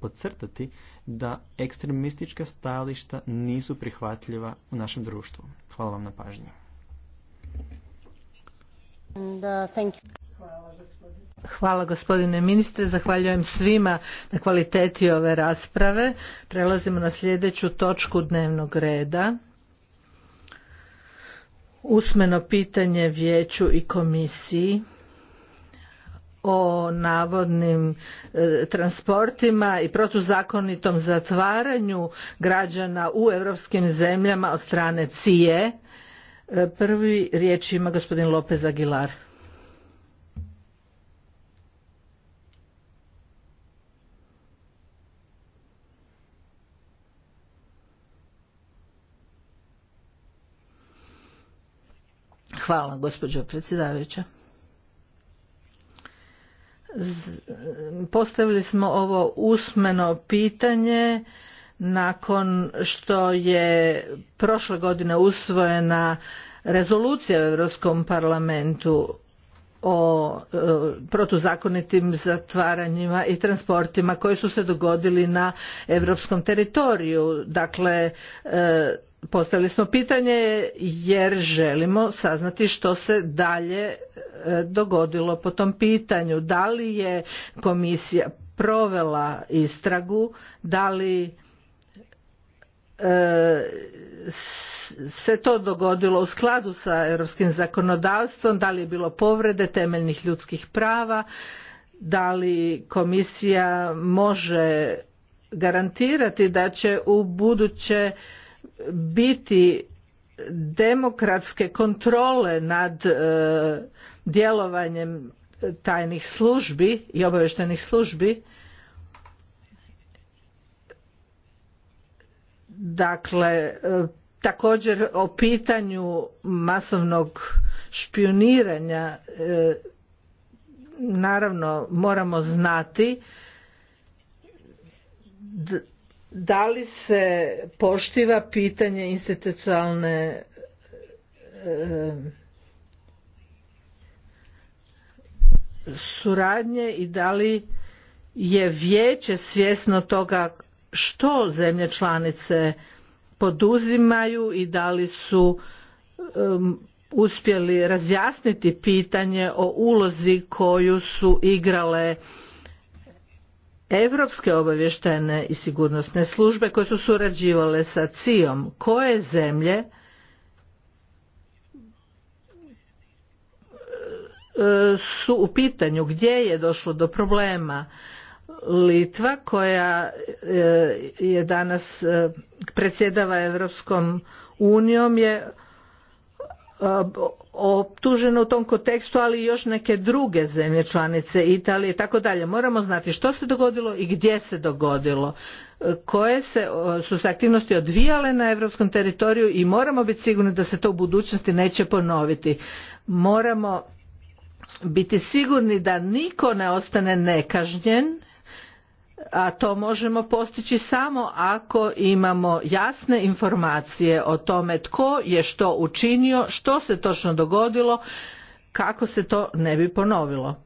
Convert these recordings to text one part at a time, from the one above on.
podcrtati da ekstremistička stajališta nisu prihvatljiva u našem društvu. Hvala vam na uh, Hvala gospodine ministre, zahvaljujem svima na kvaliteti ove rasprave. Prelazimo na sljedeću točku dnevnog reda. Usmeno pitanje vijeću i komisiji o navodnim e, transportima i protuzakonitom zatvaranju građana u europskim zemljama od strane CIE. E, prvi riječ ima gospodin Lopez Aguilar. Hvala gospođo predsjedavajuća postavili smo ovo usmeno pitanje nakon što je prošle godine usvojena rezolucija u Europskom parlamentu o e, protuzakonitim zatvaranjima i transportima koji su se dogodili na europskom teritoriju. Dakle, e, postavili smo pitanje jer želimo saznati što se dalje e, dogodilo po tom pitanju. Da li je komisija provela istragu, da li e, se to dogodilo u skladu sa europskim zakonodavstvom, da li je bilo povrede temeljnih ljudskih prava, da li komisija može garantirati da će u buduće biti demokratske kontrole nad e, djelovanjem tajnih službi i obavještajnih službi dakle e, također o pitanju masovnog špioniranja e, naravno moramo znati da li se poštiva pitanje institucionalne eh, suradnje i da li je vijeće svjesno toga što zemlje članice poduzimaju i da li su uspjeli razjasniti pitanje o ulozi koju su igrale Europske obavještajne i sigurnosne službe koje su surađivale sa CIOM, koje zemlje e, su u pitanju gdje je došlo do problema Litva koja e, je danas e, predsjedava Europskom unijom je Eh, optuženo u tom kontekstu, ali i još neke druge zemlje članice Italije i tako dalje. Moramo znati što se dogodilo i gdje se dogodilo, eh, koje se, eh, su se aktivnosti odvijale na europskom teritoriju i moramo biti sigurni da se to u budućnosti neće ponoviti. Moramo biti sigurni da niko ne ostane nekažnjen a to možemo postići samo ako imamo jasne informacije o tome tko je što učinio, što se točno dogodilo, kako se to ne bi ponovilo.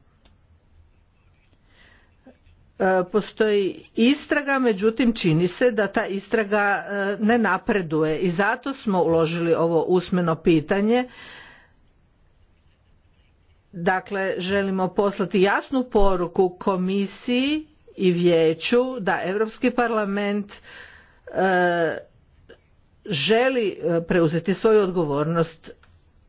E, postoji istraga, međutim čini se da ta istraga e, ne napreduje i zato smo uložili ovo usmeno pitanje. Dakle, želimo poslati jasnu poruku komisiji i vijeću da Europski parlament e, želi e, preuzeti svoju odgovornost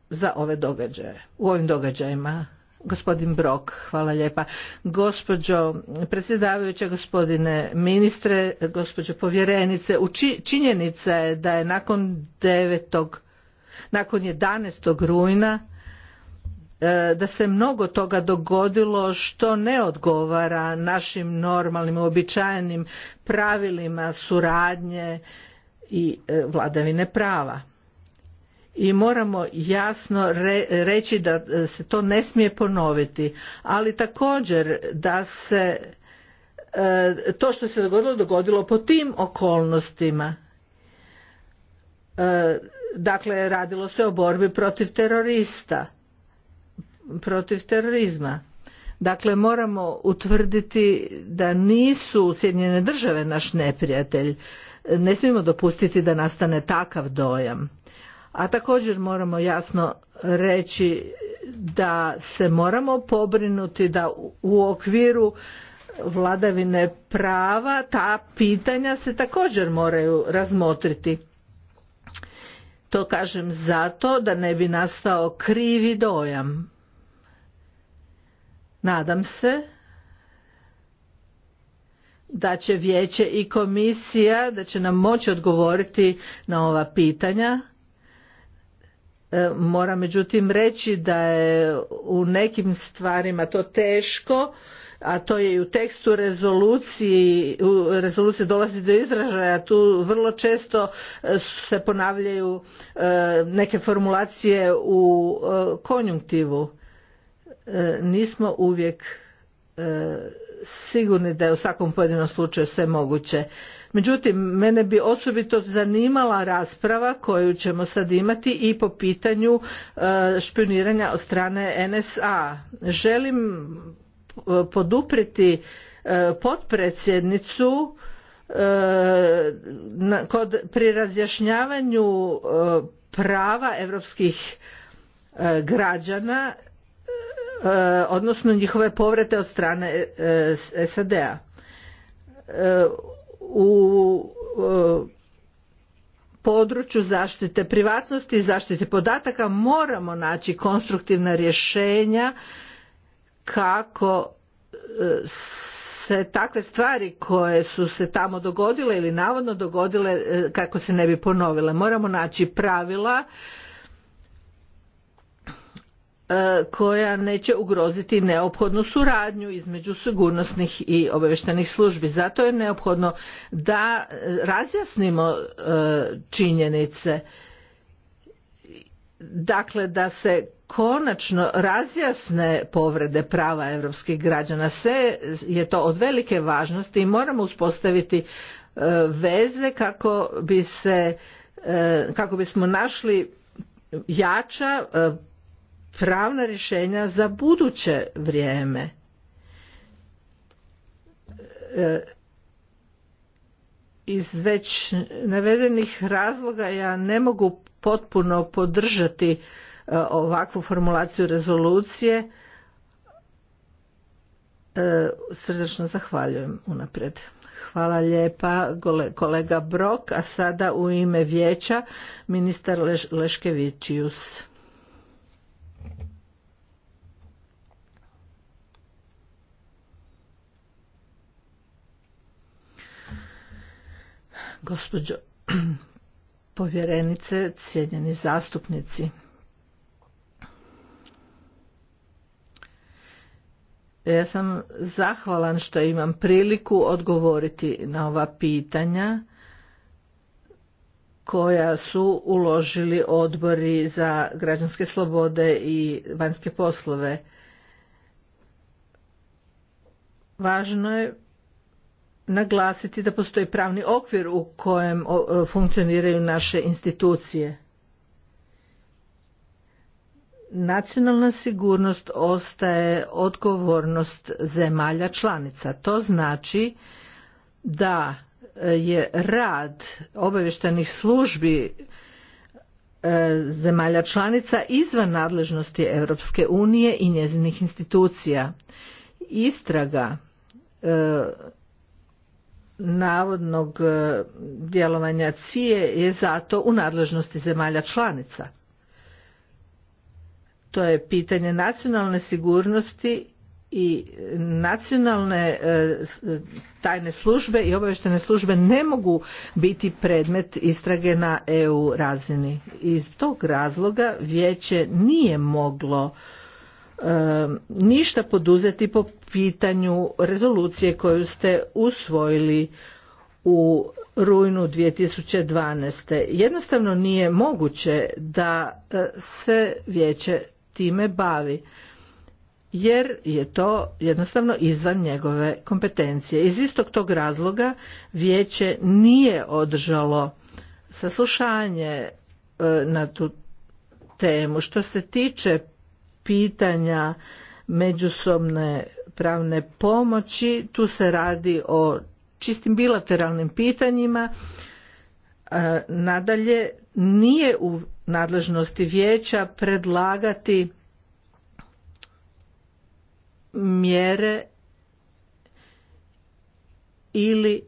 za ove događaje, u ovim događajima. Gospodin Brok, hvala lijepa. Gospođo predsjedavajuća, gospodine ministre, gospođo povjerenice, činjenica je da je nakon 9. nakon 11. rujna E, da se mnogo toga dogodilo što ne odgovara našim normalnim uobičajenim pravilima suradnje i e, vladavine prava i moramo jasno reći da e, se to ne smije ponoviti ali također da se to što se dogodilo dogodilo po tim okolnostima dakle radilo se o borbi protiv terorista protiv terorizma. Dakle, moramo utvrditi da nisu Sjedinjene države naš neprijatelj. Ne smijemo dopustiti da nastane takav dojam. A također moramo jasno reći da se moramo pobrinuti da u okviru vladavine prava ta pitanja se također moraju razmotriti. To kažem zato da ne bi nastao krivi dojam Nadam se da će vijeće i komisija da će nam moći odgovoriti na ova pitanja. E, moram međutim reći da je u nekim stvarima to teško, a to je i u tekstu rezoluciji, u rezoluciji dolazi do izražaja, tu vrlo često e, se ponavljaju e, neke formulacije u konjunktivu E, nismo uvijek e, sigurni da je u svakom pojedinom slučaju sve moguće. Međutim, mene bi osobito zanimala rasprava koju ćemo sad imati i po pitanju e, špioniranja od strane NSA. Želim podupriti potpredsjednicu kod pri razjašnjavanju prava europskih građana E, odnosno njihove povrete od strane e, SAD-a. E, u području zaštite privatnosti i zaštite podataka moramo naći konstruktivna rješenja kako se takve stvari koje su se tamo dogodile ili navodno dogodile kako se ne bi ponovile. Moramo naći pravila E, koja neće ugroziti neophodnu suradnju između sigurnosnih i obavještajnih službi. Zato je neophodno da e, razjasnimo e, činjenice, dakle da se konačno razjasne povrede prava europskih građana. Sve je to od velike važnosti i moramo uspostaviti veze kako bi se kako bismo našli jača pravna rješenja za buduće vrijeme. E, iz već navedenih razloga ja ne mogu potpuno podržati e, ovakvu formulaciju rezolucije. E, Srdečno zahvaljujem unaprijed. Hvala lijepa kolega Brok, a sada u ime vijeća ministar Leškevićius. Gospođo povjerenice, cijenjeni zastupnici. Ja sam zahvalan što imam priliku odgovoriti na ova pitanja koja su uložili odbori za građanske slobode i vanjske poslove. Važno je naglasiti da postoji pravni okvir u kojem funkcioniraju naše institucije. Nacionalna sigurnost ostaje odgovornost zemalja članica. To znači da e, je rad obavještajnih službi e, zemalja članica izvan nadležnosti Europske unije i njezinih institucija. Istraga e, navodnog e, djelovanja cije je zato u nadležnosti zemalja članica. To je pitanje nacionalne sigurnosti i nacionalne e, tajne službe i obavještene službe ne mogu biti predmet istrage na EU razini. Iz tog razloga vijeće nije moglo Um, ništa poduzeti po pitanju rezolucije koju ste usvojili u rujnu 2012. Jednostavno nije moguće da uh, se vijeće time bavi jer je to jednostavno izvan njegove kompetencije. Iz istog tog razloga vijeće nije održalo saslušanje uh, na tu temu. Što se tiče pitanja međusobne pravne pomoći. Tu se radi o čistim bilateralnim pitanjima. E, nadalje, nije u nadležnosti vijeća predlagati mjere ili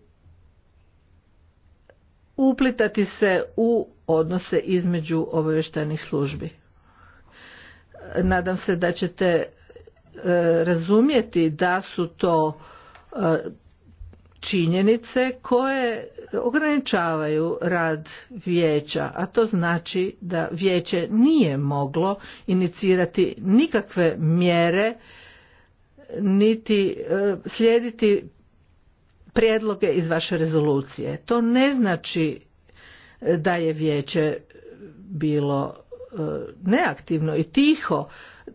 uplitati se u odnose između obavještajnih službi nadam se da ćete e, razumjeti da su to e, činjenice koje ograničavaju rad vijeća a to znači da vijeće nije moglo inicirati nikakve mjere niti e, slijediti prijedloge iz vaše rezolucije to ne znači da je vijeće bilo E, neaktivno i tiho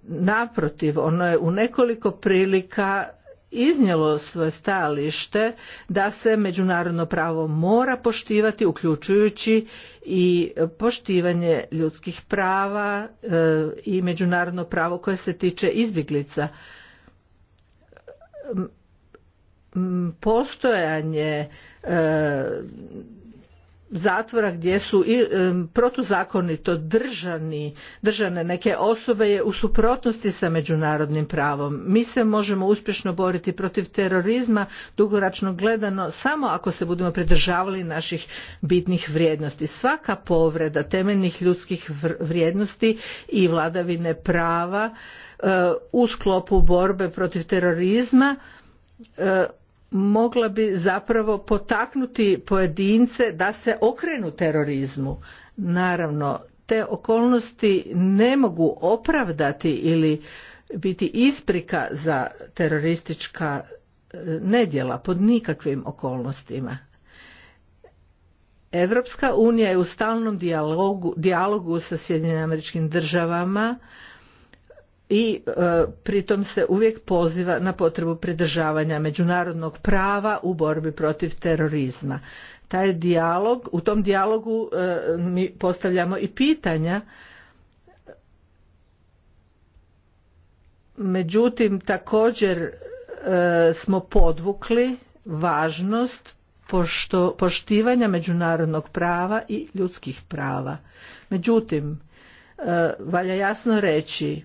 naprotiv ono je u nekoliko prilika iznijelo svoje stajalište da se međunarodno pravo mora poštivati uključujući i poštivanje ljudskih prava e, i međunarodno pravo koje se tiče izbjeglica postojanje e, zatvora gdje su i protuzakonito držani, držane neke osobe je u suprotnosti sa međunarodnim pravom. Mi se možemo uspješno boriti protiv terorizma dugoročno gledano samo ako se budemo pridržavali naših bitnih vrijednosti. Svaka povreda temeljnih ljudskih vrijednosti i vladavine prava e, u sklopu borbe protiv terorizma e, mogla bi zapravo potaknuti pojedince da se okrenu terorizmu. Naravno, te okolnosti ne mogu opravdati ili biti isprika za teroristička e, nedjela pod nikakvim okolnostima. Europska unija je u stalnom dijalogu, dijalogu sa Sjedinjenim američkim državama i e, pritom se uvijek poziva na potrebu pridržavanja međunarodnog prava u borbi protiv terorizma. Taj dijalog, u tom dijalogu e, mi postavljamo i pitanja međutim također e, smo podvukli važnost poštivanja međunarodnog prava i ljudskih prava. Međutim e, valja jasno reći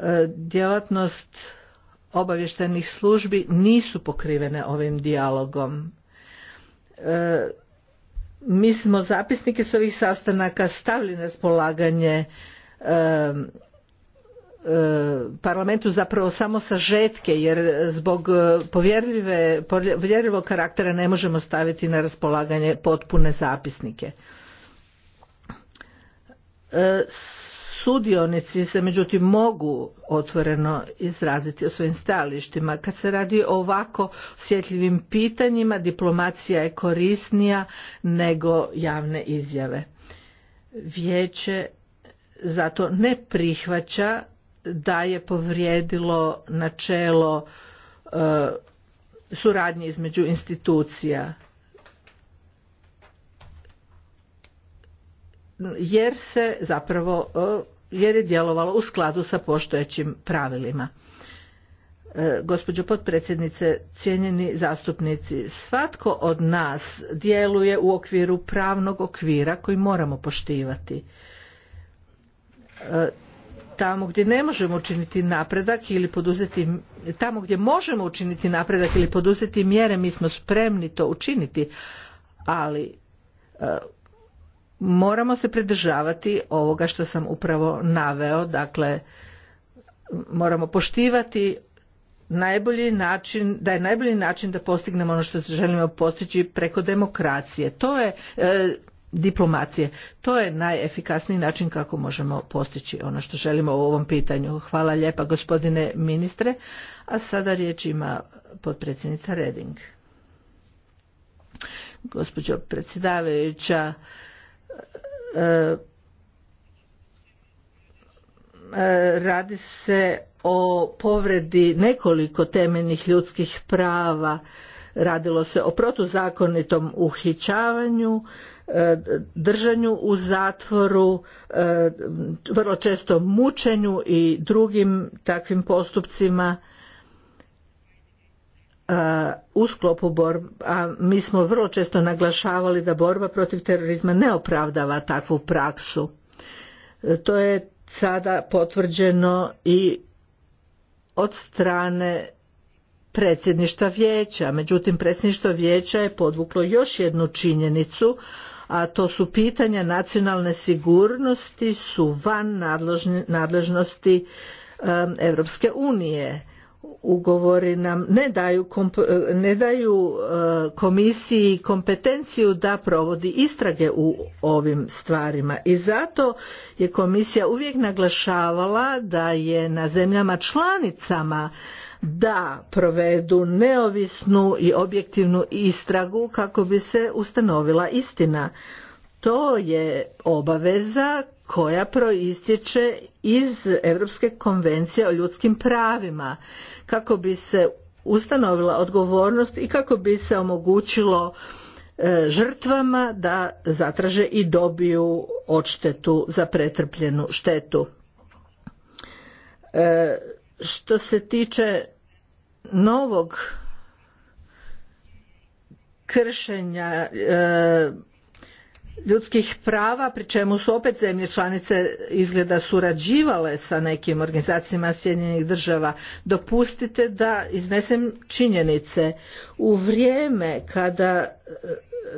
E, djelatnost obavještajnih službi nisu pokrivene ovim dijalogom. E, mi smo zapisnike s ovih sastanaka stavili na raspolaganje e, parlamentu zapravo samo sažetke jer zbog povjerljivog karaktera ne možemo staviti na raspolaganje potpune zapisnike sudionici se međutim mogu otvoreno izraziti o svojim stajalištima. Kad se radi o ovako osjetljivim pitanjima, diplomacija je korisnija nego javne izjave. Vijeće zato ne prihvaća da je povrijedilo načelo e, suradnje između institucija jer se zapravo e, jer je djelovalo u skladu sa poštojećim pravilima. E, gospođo potpredsjednice, cijenjeni zastupnici, svatko od nas djeluje u okviru pravnog okvira koji moramo poštivati. E, tamo gdje ne možemo učiniti napredak ili poduzeti, tamo gdje možemo učiniti napredak ili poduzeti mjere, mi smo spremni to učiniti, ali moramo se pridržavati ovoga što sam upravo naveo, dakle moramo poštivati najbolji način, da je najbolji način da postignemo ono što se želimo postići preko demokracije. To je e, diplomacije. To je najefikasniji način kako možemo postići ono što želimo u ovom pitanju. Hvala lijepa gospodine ministre. A sada riječ ima potpredsjednica Reding. Gospođo predsjedavajuća, E, e, radi se o povredi nekoliko temeljnih ljudskih prava radilo se o protuzakonitom uhićavanju e, držanju u zatvoru vrlo često mučenju i drugim takvim postupcima E, u sklopu borba, a mi smo vrlo često naglašavali da borba protiv terorizma ne opravdava takvu praksu. E, to je sada potvrđeno i od strane predsjedništva vijeća. Međutim, predsjedništvo vijeća je podvuklo još jednu činjenicu, a to su pitanja nacionalne sigurnosti, su van nadležnosti Europske unije ugovori nam ne daju, e, ne daju e, komisiji kompetenciju da provodi istrage u ovim stvarima i zato je komisija uvijek naglašavala da je na zemljama članicama da provedu neovisnu i objektivnu istragu kako bi se ustanovila istina to je obaveza koja proistječe iz Europske konvencije o ljudskim pravima kako bi se ustanovila odgovornost i kako bi se omogućilo e, žrtvama da zatraže i dobiju odštetu za pretrpljenu štetu. E, što se tiče novog kršenja e, ljudskih prava pri čemu su opet zemlje članice izgleda surađivale sa nekim organizacijama Sjedinjenih država dopustite da iznesem činjenice u vrijeme kada e,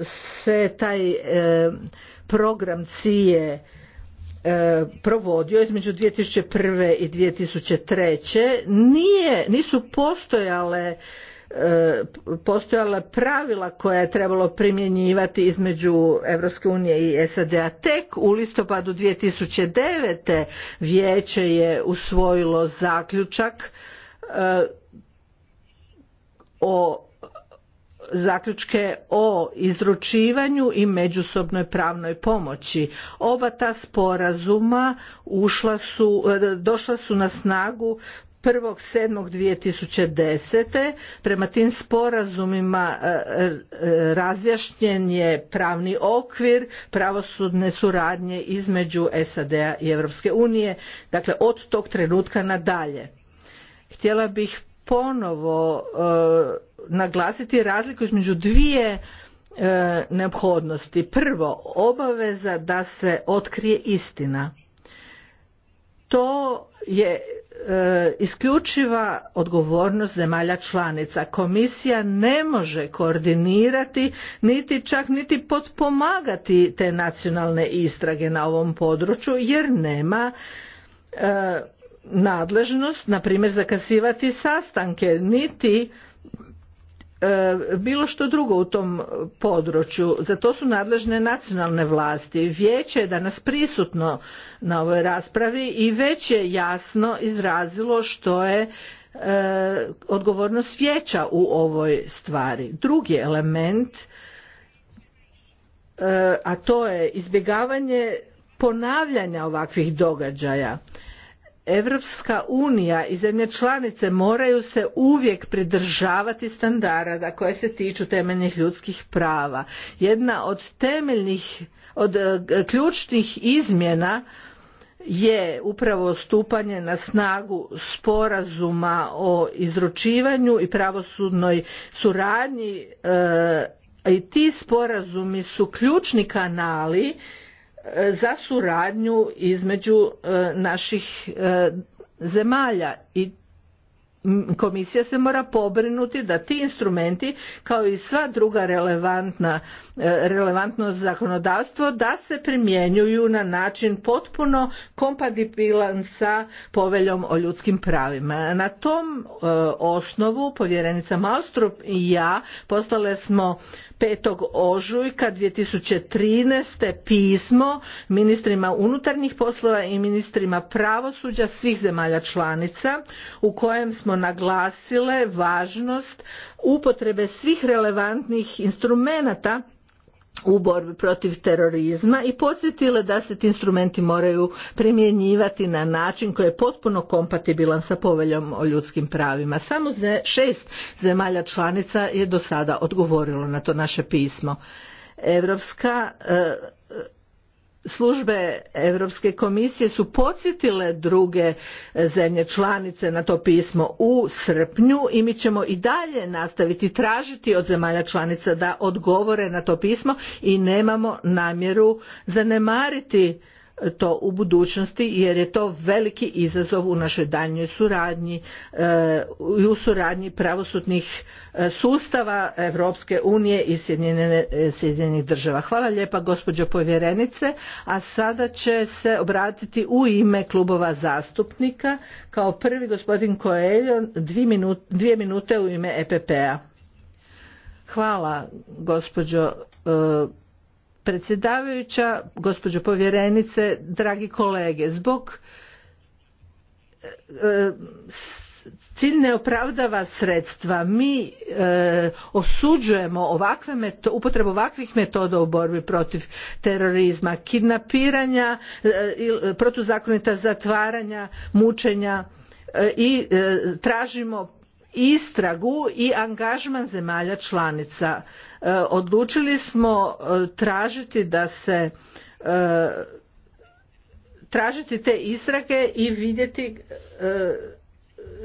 se taj e, program CIE e, provodio između 2001. i 2003. Nije, nisu postojale E, postojala pravila koja je trebalo primjenjivati između Europske unije i SAD-a tek u listopadu 2009. vijeće je usvojilo zaključak e, o zaključke o izručivanju i međusobnoj pravnoj pomoći. Oba ta sporazuma ušla e, došla su na snagu 1.7.2010. Prema tim sporazumima e, e, razjašnjen je pravni okvir pravosudne suradnje između SAD-a i Europske unije, dakle od tog trenutka nadalje. Htjela bih ponovo e, naglasiti razliku između dvije neophodnosti. Prvo, obaveza da se otkrije istina. To je E, isključiva odgovornost zemalja članica. Komisija ne može koordinirati niti čak niti potpomagati te nacionalne istrage na ovom području jer nema e, nadležnost, na primjer, zakasivati sastanke, niti E, bilo što drugo u tom području. Za to su nadležne nacionalne vlasti. Vijeće je danas prisutno na ovoj raspravi i već je jasno izrazilo što je e, odgovornost vijeća u ovoj stvari. Drugi element, e, a to je izbjegavanje ponavljanja ovakvih događaja. Europska unija i zemlje članice moraju se uvijek pridržavati standarda koje se tiču temeljnih ljudskih prava. Jedna od temeljnih, od e, ključnih izmjena je upravo stupanje na snagu sporazuma o izručivanju i pravosudnoj suradnji e, i ti sporazumi su ključni kanali za suradnju između e, naših e, zemalja i komisija se mora pobrinuti da ti instrumenti kao i sva druga relevantna, e, relevantno zakonodavstvo da se primjenjuju na način potpuno kompatibilan sa poveljom o ljudskim pravima. Na tom e, osnovu povjerenica Malstrup i ja postale smo 5. ožujka 2013. pismo ministrima unutarnjih poslova i ministrima pravosuđa svih zemalja članica u kojem smo naglasile važnost upotrebe svih relevantnih instrumenata u borbi protiv terorizma i podsjetile da se ti instrumenti moraju primjenjivati na način koji je potpuno kompatibilan sa poveljom o ljudskim pravima. Samo šest zemalja članica je do sada odgovorilo na to naše pismo. Europska e, službe Europske komisije su podsjetile druge e, zemlje članice na to pismo u srpnju i mi ćemo i dalje nastaviti tražiti od zemalja članica da odgovore na to pismo i nemamo namjeru zanemariti to u budućnosti jer je to veliki izazov u našoj daljnjoj suradnji e, i u suradnji pravosudnih e, sustava Europske unije i e, Sjedinjenih država. Hvala lijepa gospođo povjerenice, a sada će se obratiti u ime klubova zastupnika kao prvi gospodin koejon dvije minute u ime EPP-a. Hvala gospođo predsjedavajuća, gospođo povjerenice, dragi kolege, zbog e, e, cilj ne opravdava sredstva. Mi e, osuđujemo ovakve upotrebu ovakvih metoda u borbi protiv terorizma, kidnapiranja, protuzakonita zatvaranja, mučenja i tražimo istragu i angažman zemalja članica. E, odlučili smo e, tražiti da se e, tražiti te istrage i vidjeti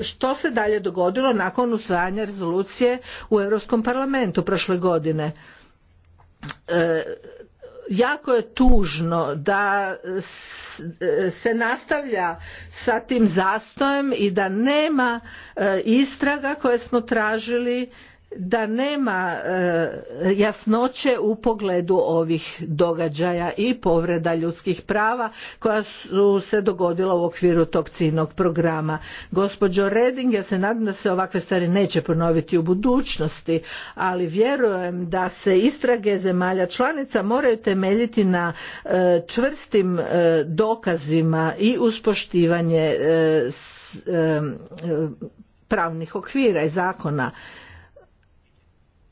što se dalje dogodilo nakon usvajanja rezolucije u Europskom parlamentu prošle godine jako je tužno da se nastavlja sa tim zastojem i da nema e, istraga koje smo tražili da nema e, jasnoće u pogledu ovih događaja i povreda ljudskih prava koja su se dogodila u okviru tog ciljnog programa. Gospođo Reding, ja se nadam da se ovakve stvari neće ponoviti u budućnosti, ali vjerujem da se istrage zemalja članica moraju temeljiti na e, čvrstim e, dokazima i uspoštivanje pravnih okvira i zakona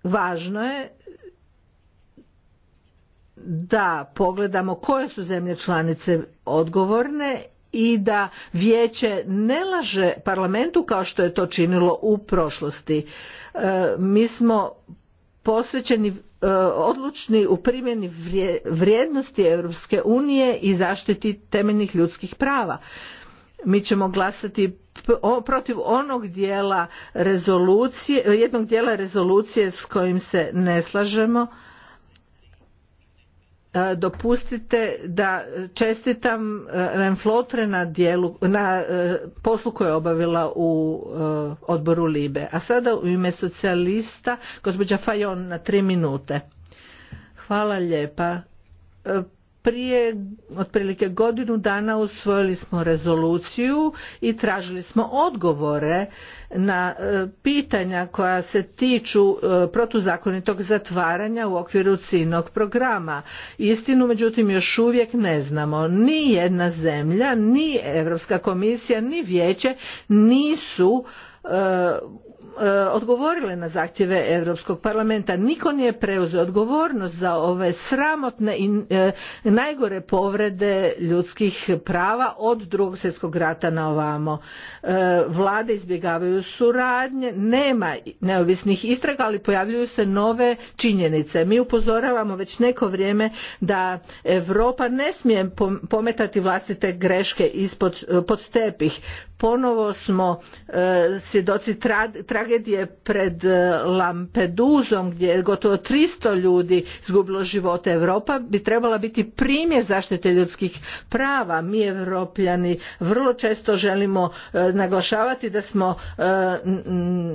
važno je da pogledamo koje su zemlje članice odgovorne i da vijeće ne laže parlamentu kao što je to činilo u prošlosti. E, mi smo posvećeni e, odlučni u primjeni vrijednosti Europske unije i zaštiti temeljnih ljudskih prava mi ćemo glasati protiv onog dijela rezolucije, jednog dijela rezolucije s kojim se ne slažemo. E, dopustite da čestitam Renflotre e, na, dijelu, na e, poslu koju je obavila u odboru Libe. A sada u ime socijalista, gospođa Fajon na tri minute. Hvala lijepa prije otprilike godinu dana usvojili smo rezoluciju i tražili smo odgovore na e, pitanja koja se tiču e, protuzakonitog zatvaranja u okviru cinog programa. Istinu međutim još uvijek ne znamo. Ni jedna zemlja, ni Europska komisija, ni vijeće nisu e, E, odgovorile na zahtjeve Europskog parlamenta. Niko nije preuzeo odgovornost za ove sramotne i e, najgore povrede ljudskih prava od drugog svjetskog rata na ovamo. E, vlade izbjegavaju suradnje, nema neovisnih istraga, ali pojavljuju se nove činjenice. Mi upozoravamo već neko vrijeme da Europa ne smije pometati vlastite greške ispod pod tepih ponovo smo e, svjedoci tragedije pred e, Lampeduzom gdje je gotovo 300 ljudi izgubilo živote. Europa bi trebala biti primjer zaštite ljudskih prava. Mi Evropljani vrlo često želimo e, naglašavati da smo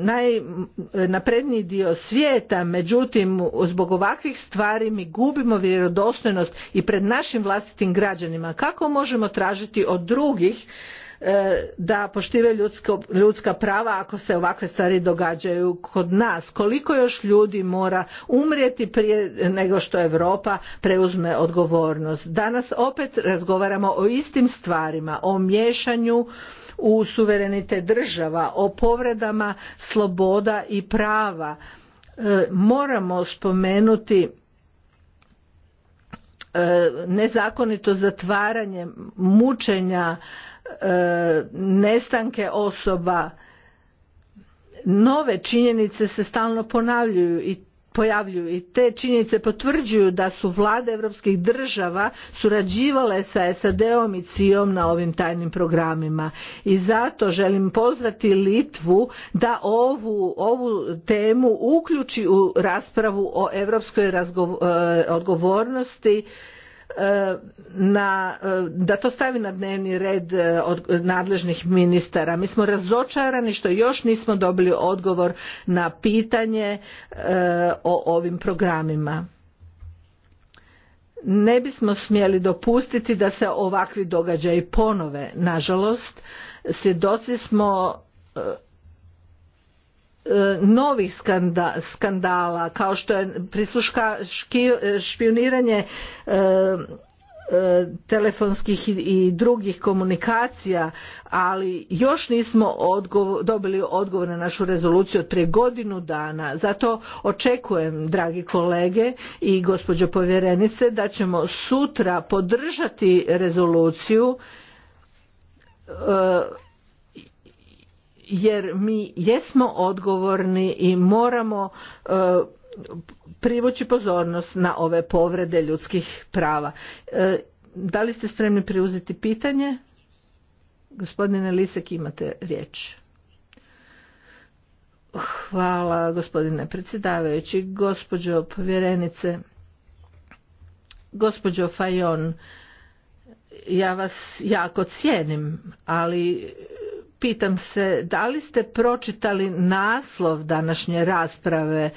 najnapredniji dio svijeta, međutim zbog ovakvih stvari mi gubimo vjerodostojnost i pred našim vlastitim građanima. Kako možemo tražiti od drugih E, da poštive ljudska prava ako se ovakve stvari događaju kod nas koliko još ljudi mora umrijeti prije nego što europa preuzme odgovornost danas opet razgovaramo o istim stvarima o miješanju u suverenitet država o povredama sloboda i prava e, moramo spomenuti e, nezakonito zatvaranje mučenja E, nestanke osoba nove činjenice se stalno ponavljaju i pojavljuju i te činjenice potvrđuju da su vlade europskih država surađivale sa SAD-om i CIOM na ovim tajnim programima i zato želim pozvati Litvu da ovu, ovu temu uključi u raspravu o europskoj e, odgovornosti E, na, e, da to stavi na dnevni red e, od nadležnih ministara. Mi smo razočarani što još nismo dobili odgovor na pitanje o ovim programima. Ne bismo smjeli dopustiti da se ovakvi događaji ponove. Nažalost, svjedoci smo E, novih skandala kao što je prisluška e, špioniranje e, telefonskih i drugih komunikacija, ali još nismo dobili odgovor na našu rezoluciju od prije godinu dana. Zato očekujem, dragi kolege i gospođo povjerenice, da ćemo sutra podržati rezoluciju jer mi jesmo odgovorni i moramo e, privući pozornost na ove povrede ljudskih prava. E, da li ste spremni preuzeti pitanje? Gospodine Lisek, imate riječ. Hvala gospodine predsjedavajući, gospođo povjerenice, gospođo Fajon, ja vas jako cijenim, ali Pitam se da li ste pročitali naslov današnje rasprave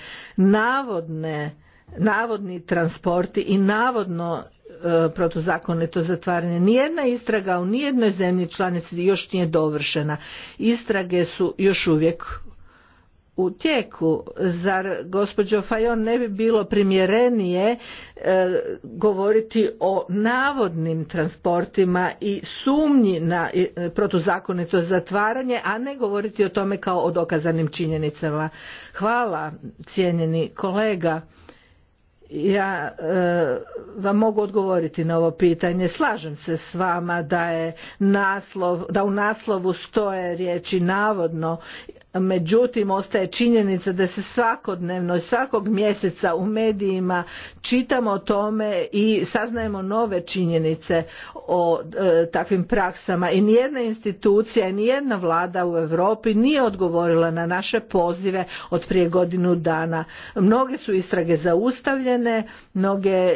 navodni transporti i navodno e, protuzakonito zatvaranje. Nijedna istraga u nijednoj zemlji članici još nije dovršena. Istrage su još uvijek u tijeku. Zar, gospođo Fajon, ne bi bilo primjerenije e, govoriti o navodnim transportima i sumnji na e, protuzakonito zatvaranje, a ne govoriti o tome kao o dokazanim činjenicama. Hvala, cijenjeni kolega. Ja e, vam mogu odgovoriti na ovo pitanje. Slažem se s vama da je naslov, da u naslovu stoje riječi navodno međutim ostaje činjenica da se svakodnevno i svakog mjeseca u medijima čitamo o tome i saznajemo nove činjenice o e, takvim praksama i nijedna institucija i nijedna vlada u Europi nije odgovorila na naše pozive od prije godinu dana. Mnoge su istrage zaustavljene, mnoge e,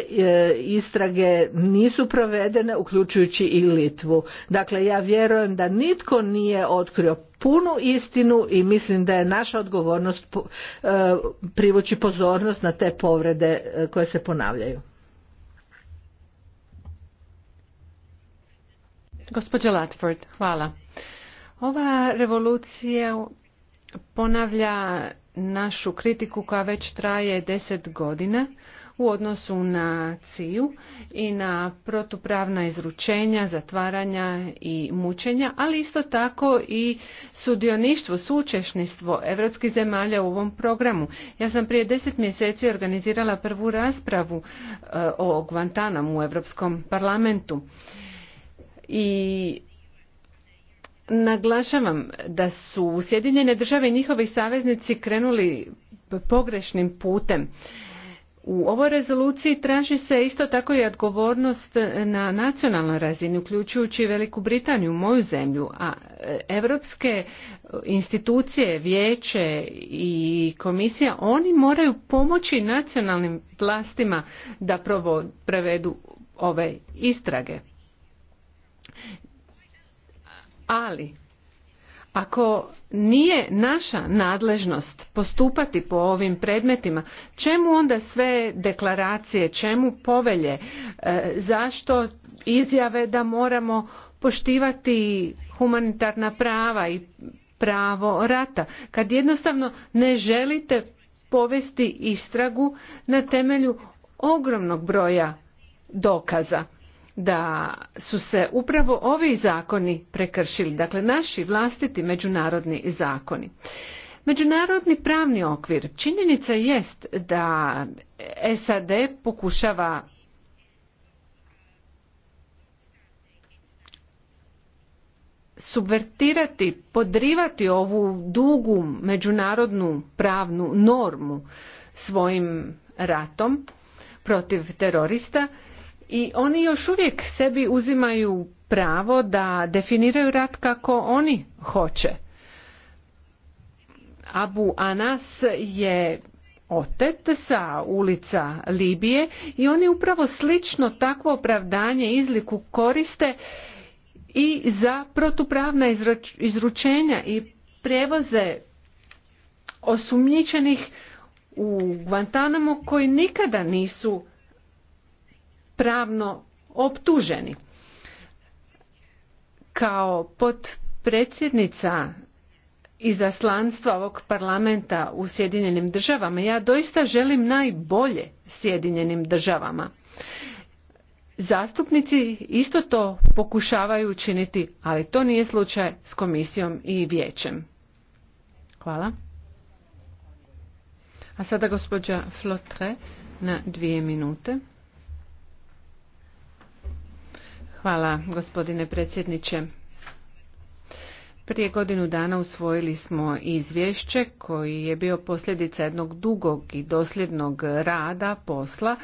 istrage nisu provedene uključujući i Litvu. Dakle ja vjerujem da nitko nije otkrio punu istinu i mislim da je naša odgovornost e, privući pozornost na te povrede e, koje se ponavljaju. Gospođo Latford, hvala. Ova revolucija ponavlja našu kritiku koja već traje deset godina u odnosu na ciju i na protupravna izručenja, zatvaranja i mučenja, ali isto tako i sudioništvo, sučešnjstvo evropskih zemalja u ovom programu. Ja sam prije deset mjeseci organizirala prvu raspravu e, o Guantanamu u Europskom parlamentu. I Naglašavam da su Sjedinjene države i njihovi saveznici krenuli pogrešnim putem u ovoj rezoluciji traži se isto tako i odgovornost na nacionalnoj razini, uključujući Veliku Britaniju, moju zemlju, a e, evropske institucije, vijeće i komisija, oni moraju pomoći nacionalnim vlastima da prevedu ove istrage. Ali, ako nije naša nadležnost postupati po ovim predmetima, čemu onda sve deklaracije, čemu povelje, e, zašto izjave da moramo poštivati humanitarna prava i pravo rata, kad jednostavno ne želite povesti istragu na temelju ogromnog broja dokaza da su se upravo ovi zakoni prekršili, dakle naši vlastiti međunarodni zakoni. Međunarodni pravni okvir, činjenica jest da SAD pokušava subvertirati, podrivati ovu dugu međunarodnu pravnu normu svojim ratom protiv terorista i oni još uvijek sebi uzimaju pravo da definiraju rat kako oni hoće. Abu Anas je otet sa ulica Libije i oni upravo slično takvo opravdanje izliku koriste i za protupravna izručenja i prevoze osumnjičenih u Guantanamo koji nikada nisu pravno optuženi. Kao potpredsjednica izaslanstva ovog parlamenta u Sjedinjenim državama, ja doista želim najbolje Sjedinjenim državama. Zastupnici isto to pokušavaju učiniti, ali to nije slučaj s komisijom i vijećem. Hvala. A sada gospođa Flotre na dvije minute. Hvala gospodine predsjedniče. Prije godinu dana usvojili smo izvješće koji je bio posljedica jednog dugog i dosljednog rada posla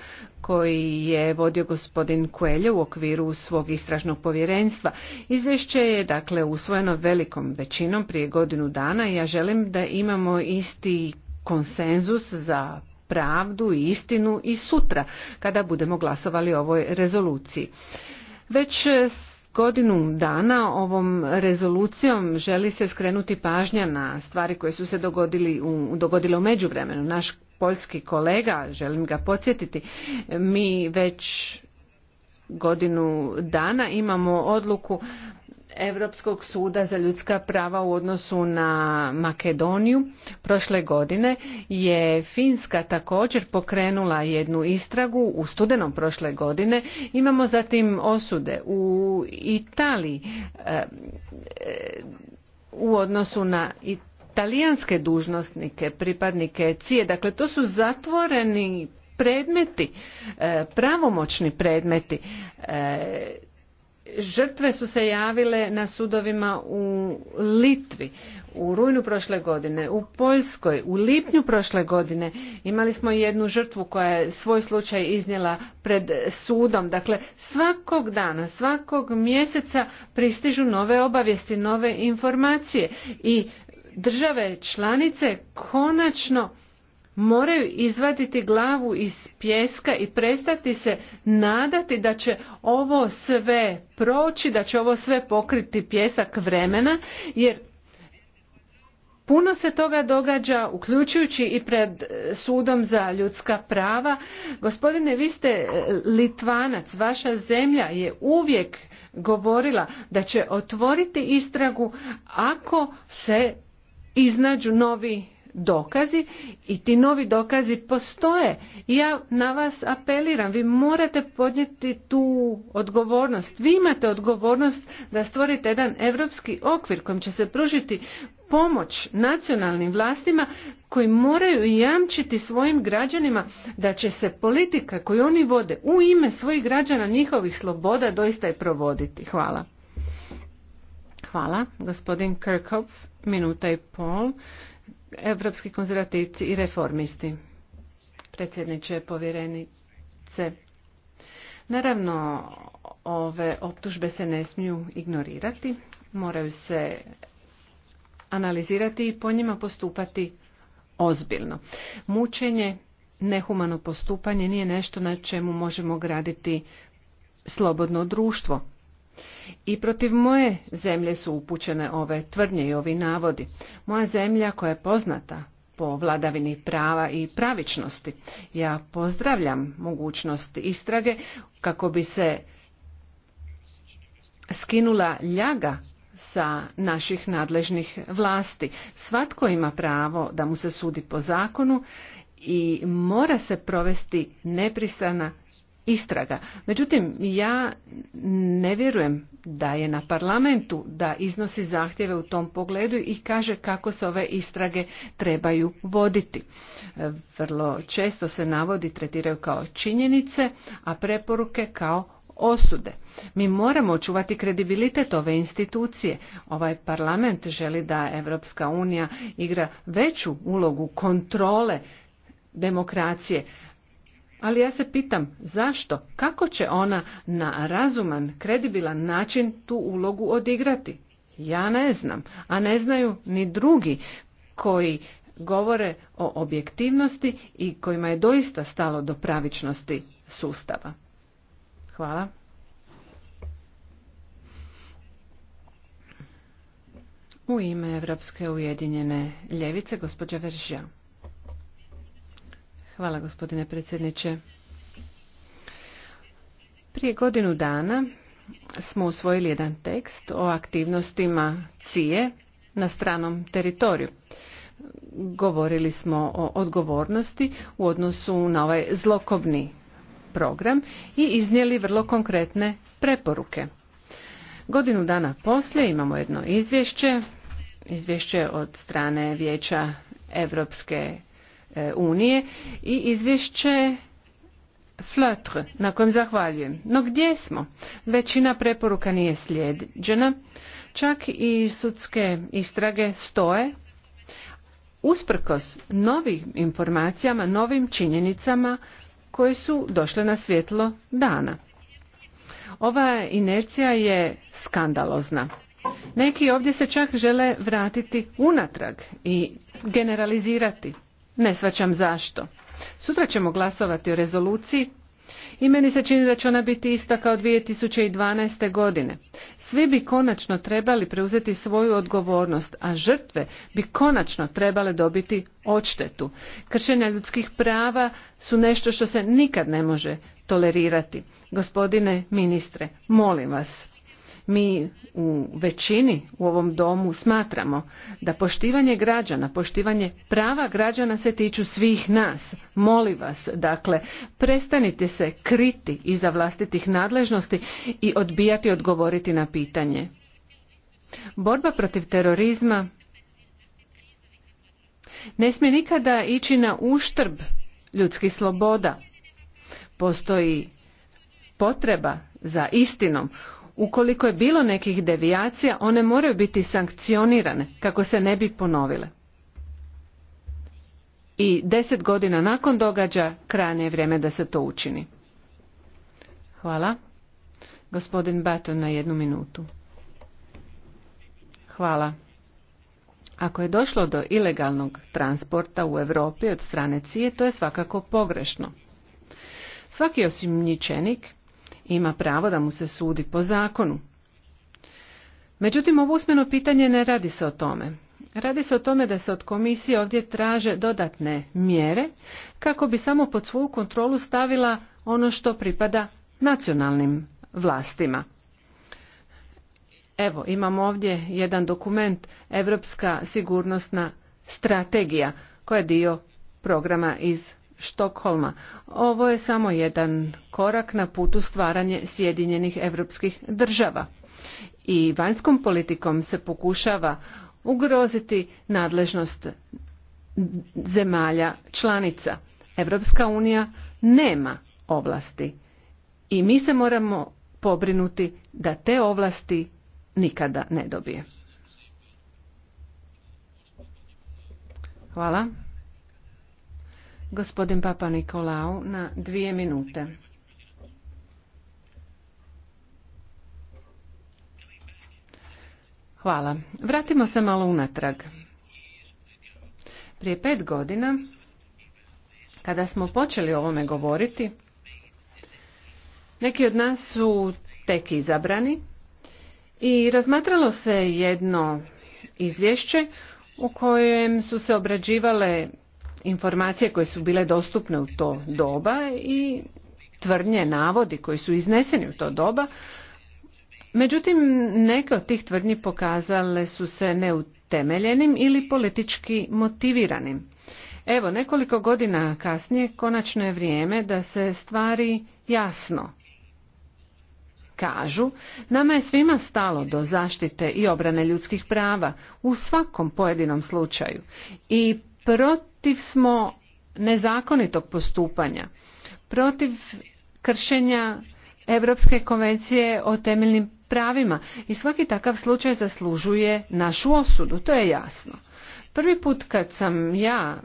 koji je vodio gospodin Kuelje u okviru svog istražnog povjerenstva. Izvješće je dakle usvojeno velikom većinom prije godinu dana i ja želim da imamo isti konsenzus za pravdu i istinu i sutra kada budemo glasovali o ovoj rezoluciji. Već godinu dana ovom rezolucijom želi se skrenuti pažnja na stvari koje su se dogodili u, dogodile u međuvremenu. Naš poljski kolega, želim ga podsjetiti, mi već godinu dana imamo odluku Europskog suda za ljudska prava u odnosu na Makedoniju prošle godine je Finska također pokrenula jednu istragu u studenom prošle godine. Imamo zatim osude u Italiji e, e, u odnosu na italijanske dužnosnike, pripadnike cije. Dakle, to su zatvoreni predmeti, e, pravomoćni predmeti Žrtve su se javile na sudovima u Litvi u rujnu prošle godine, u Poljskoj, u lipnju prošle godine imali smo jednu žrtvu koja je svoj slučaj iznijela pred sudom. Dakle, svakog dana, svakog mjeseca pristižu nove obavijesti, nove informacije i države članice konačno moraju izvaditi glavu iz pjeska i prestati se nadati da će ovo sve proći, da će ovo sve pokriti pjesak vremena, jer Puno se toga događa, uključujući i pred sudom za ljudska prava. Gospodine, vi ste e, Litvanac, vaša zemlja je uvijek govorila da će otvoriti istragu ako se iznađu novi dokazi i ti novi dokazi postoje. Ja na vas apeliram, vi morate podnijeti tu odgovornost. Vi imate odgovornost da stvorite jedan europski okvir kojim će se pružiti pomoć nacionalnim vlastima koji moraju jamčiti svojim građanima da će se politika koju oni vode u ime svojih građana njihovih sloboda doista i provoditi. Hvala. Hvala. Gospodin Kirkov, minuta i pol. Evropski konzervativci i reformisti. Predsjedniče povjerenice. Naravno, ove optužbe se ne smiju ignorirati. Moraju se analizirati i po njima postupati ozbiljno. Mučenje, nehumano postupanje nije nešto na čemu možemo graditi slobodno društvo. I protiv moje zemlje su upućene ove tvrdnje i ovi navodi. Moja zemlja koja je poznata po vladavini prava i pravičnosti. Ja pozdravljam mogućnost istrage kako bi se skinula ljaga sa naših nadležnih vlasti. Svatko ima pravo da mu se sudi po zakonu i mora se provesti nepristrana istraga. Međutim, ja ne vjerujem da je na parlamentu da iznosi zahtjeve u tom pogledu i kaže kako se ove istrage trebaju voditi. E, vrlo često se navodi tretiraju kao činjenice, a preporuke kao osude. Mi moramo očuvati kredibilitet ove institucije. Ovaj parlament želi da Evropska unija igra veću ulogu kontrole demokracije. Ali ja se pitam zašto, kako će ona na razuman, kredibilan način tu ulogu odigrati? Ja ne znam, a ne znaju ni drugi koji govore o objektivnosti i kojima je doista stalo do pravičnosti sustava. Hvala. U ime Evropske ujedinjene ljevice, gospođa Veržija. Hvala gospodine predsjedniče. Prije godinu dana smo usvojili jedan tekst o aktivnostima CIE na stranom teritoriju. Govorili smo o odgovornosti u odnosu na ovaj zlokobni program i iznijeli vrlo konkretne preporuke. Godinu dana poslije imamo jedno izvješće, izvješće od strane Vijeća Europske E, unije i izvješće Flotr, na kojem zahvaljujem. No gdje smo? Većina preporuka nije slijedđena, čak i sudske istrage stoje, usprkos novim informacijama, novim činjenicama koje su došle na svjetlo dana. Ova inercija je skandalozna. Neki ovdje se čak žele vratiti unatrag i generalizirati. Ne svačam zašto. Sutra ćemo glasovati o rezoluciji i meni se čini da će ona biti ista kao 2012. godine. Svi bi konačno trebali preuzeti svoju odgovornost, a žrtve bi konačno trebale dobiti odštetu. Kršenja ljudskih prava su nešto što se nikad ne može tolerirati. Gospodine ministre, molim vas, mi u većini u ovom domu smatramo da poštivanje građana, poštivanje prava građana se tiču svih nas. Molim vas, dakle, prestanite se kriti iza vlastitih nadležnosti i odbijati odgovoriti na pitanje. Borba protiv terorizma ne smije nikada ići na uštrb ljudskih sloboda. Postoji potreba za istinom Ukoliko je bilo nekih devijacija, one moraju biti sankcionirane kako se ne bi ponovile. I deset godina nakon događa krajnje je vrijeme da se to učini. Hvala. Gospodin Baton na jednu minutu. Hvala. Ako je došlo do ilegalnog transporta u Europi od strane Cije, to je svakako pogrešno. Svaki osimnjičenik ima pravo da mu se sudi po zakonu. Međutim, ovo usmeno pitanje ne radi se o tome. Radi se o tome da se od komisije ovdje traže dodatne mjere kako bi samo pod svoju kontrolu stavila ono što pripada nacionalnim vlastima. Evo, imamo ovdje jedan dokument Europska sigurnosna strategija koja je dio programa iz Štokholma. Ovo je samo jedan korak na putu stvaranje Sjedinjenih europskih država. I vanjskom politikom se pokušava ugroziti nadležnost zemalja članica. Europska unija nema ovlasti i mi se moramo pobrinuti da te ovlasti nikada ne dobije. Hvala. Gospodin Papa Nikolao, na dvije minute. Hvala. Vratimo se malo unatrag. Prije pet godina, kada smo počeli o ovome govoriti, neki od nas su tek izabrani i razmatralo se jedno izvješće u kojem su se obrađivale informacije koje su bile dostupne u to doba i tvrdnje, navodi koji su izneseni u to doba. Međutim, neke od tih tvrdnji pokazale su se neutemeljenim ili politički motiviranim. Evo, nekoliko godina kasnije konačno je vrijeme da se stvari jasno kažu, nama je svima stalo do zaštite i obrane ljudskih prava u svakom pojedinom slučaju i protiv protiv smo nezakonitog postupanja, protiv kršenja Europske konvencije o temeljnim pravima i svaki takav slučaj zaslužuje našu osudu, to je jasno. Prvi put kad sam ja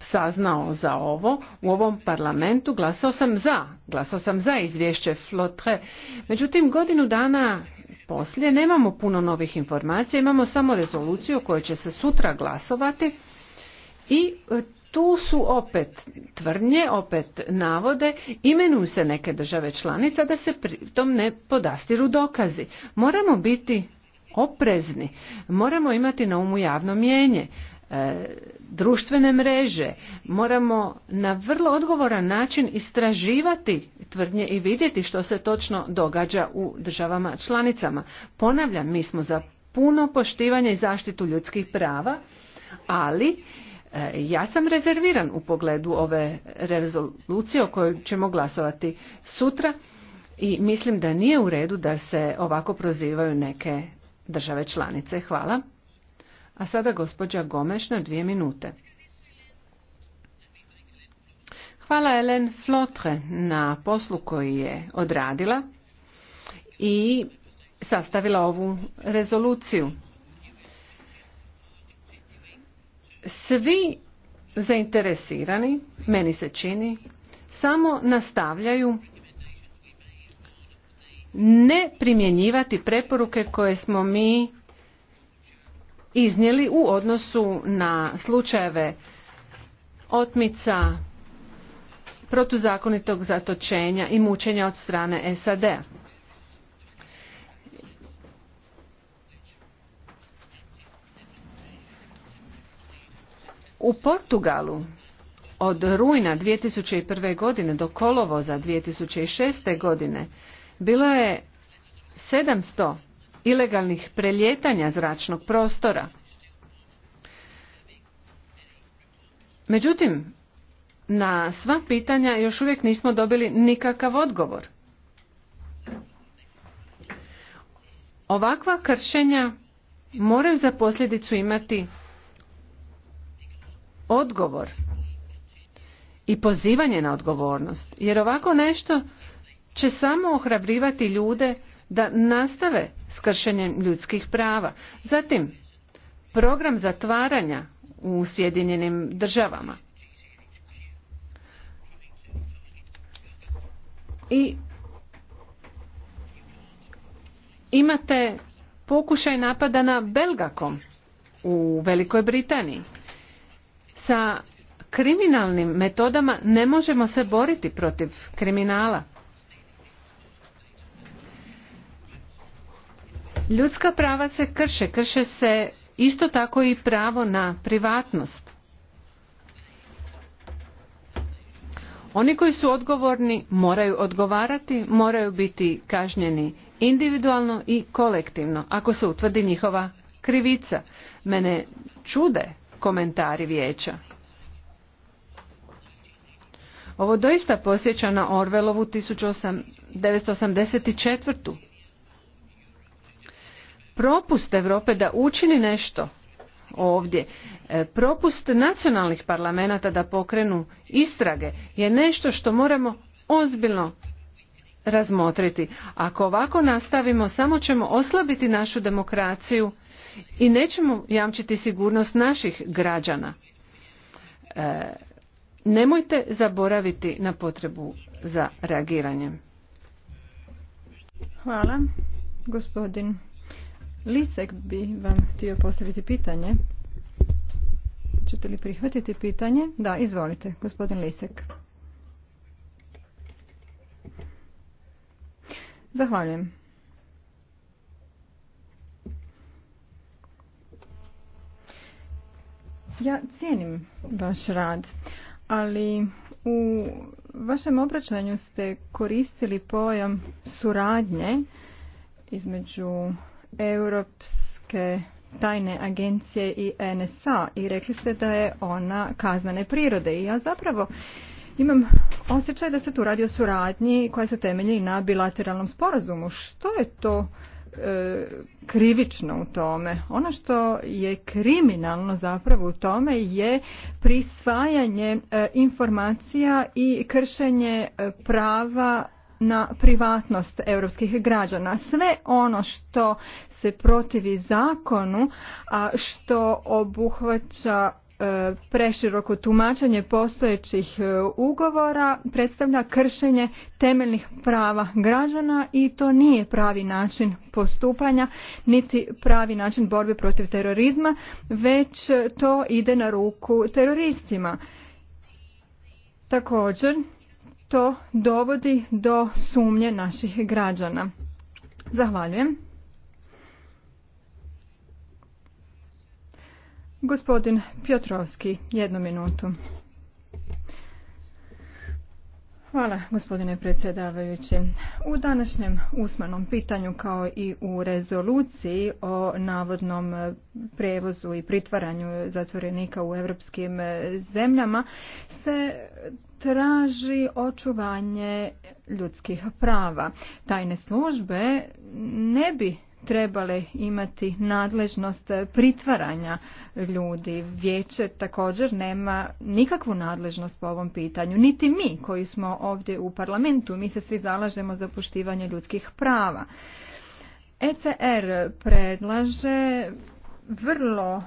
saznao za ovo u ovom parlamentu glasao sam za glasao sam za izvješće flotre međutim godinu dana poslije nemamo puno novih informacija imamo samo rezoluciju o kojoj će se sutra glasovati i e, tu su opet tvrdnje, opet navode, imenuju se neke države članica da se tom ne podastiru dokazi. Moramo biti oprezni, moramo imati na umu javno mijenje, e, društvene mreže, moramo na vrlo odgovoran način istraživati tvrdnje i vidjeti što se točno događa u državama članicama. Ponavljam, mi smo za puno poštivanje i zaštitu ljudskih prava, ali E, ja sam rezerviran u pogledu ove rezolucije o kojoj ćemo glasovati sutra i mislim da nije u redu da se ovako prozivaju neke države članice. Hvala. A sada gospođa Gomeš na dvije minute. Hvala Ellen Flotre na poslu koji je odradila i sastavila ovu rezoluciju. svi zainteresirani, meni se čini, samo nastavljaju ne primjenjivati preporuke koje smo mi iznijeli u odnosu na slučajeve otmica, protuzakonitog zatočenja i mučenja od strane SAD-a. U Portugalu od rujna 2001. godine do kolovoza 2006. godine bilo je 700 ilegalnih preljetanja zračnog prostora. Međutim, na sva pitanja još uvijek nismo dobili nikakav odgovor. Ovakva kršenja moraju za posljedicu imati odgovor i pozivanje na odgovornost. Jer ovako nešto će samo ohrabrivati ljude da nastave s kršenjem ljudskih prava. Zatim, program zatvaranja u Sjedinjenim državama. I imate pokušaj napada na Belgakom u Velikoj Britaniji sa kriminalnim metodama ne možemo se boriti protiv kriminala. Ljudska prava se krše, krše se isto tako i pravo na privatnost. Oni koji su odgovorni moraju odgovarati, moraju biti kažnjeni individualno i kolektivno ako se utvrdi njihova krivica. Mene čude komentari vijeća. Ovo doista posjeća na Orvelovu 1984. Propust Europe da učini nešto ovdje, e, propust nacionalnih parlamenta da pokrenu istrage je nešto što moramo ozbiljno razmotriti. Ako ovako nastavimo, samo ćemo oslabiti našu demokraciju i nećemo jamčiti sigurnost naših građana. E, nemojte zaboraviti na potrebu za reagiranjem. Hvala. Gospodin Lisek bi vam htio postaviti pitanje. Čete li prihvatiti pitanje? Da, izvolite, gospodin Lisek. Zahvaljujem. Ja cijenim vaš rad, ali u vašem obraćanju ste koristili pojam suradnje između Europske tajne agencije i NSA i rekli ste da je ona kaznane prirode i ja zapravo imam osjećaj da se tu radi o suradnji koja se temelji na bilateralnom sporazumu. Što je to E, krivično u tome. Ono što je kriminalno zapravo u tome je prisvajanje e, informacija i kršenje e, prava na privatnost europskih građana. Sve ono što se protivi zakonu, a što obuhvaća E, preširoko tumačenje postojećih e, ugovora predstavlja kršenje temeljnih prava građana i to nije pravi način postupanja niti pravi način borbe protiv terorizma već to ide na ruku teroristima također to dovodi do sumnje naših građana zahvaljujem Gospodin Piotrovski, jednu minutu. Hvala gospodine predsjedavajući. U današnjem usmanom pitanju kao i u rezoluciji o navodnom prevozu i pritvaranju zatvorenika u europskim zemljama se traži očuvanje ljudskih prava. Tajne službe ne bi trebale imati nadležnost pritvaranja ljudi. Vijeće također nema nikakvu nadležnost po ovom pitanju. Niti mi koji smo ovdje u parlamentu, mi se svi zalažemo za poštivanje ljudskih prava. ECR er predlaže vrlo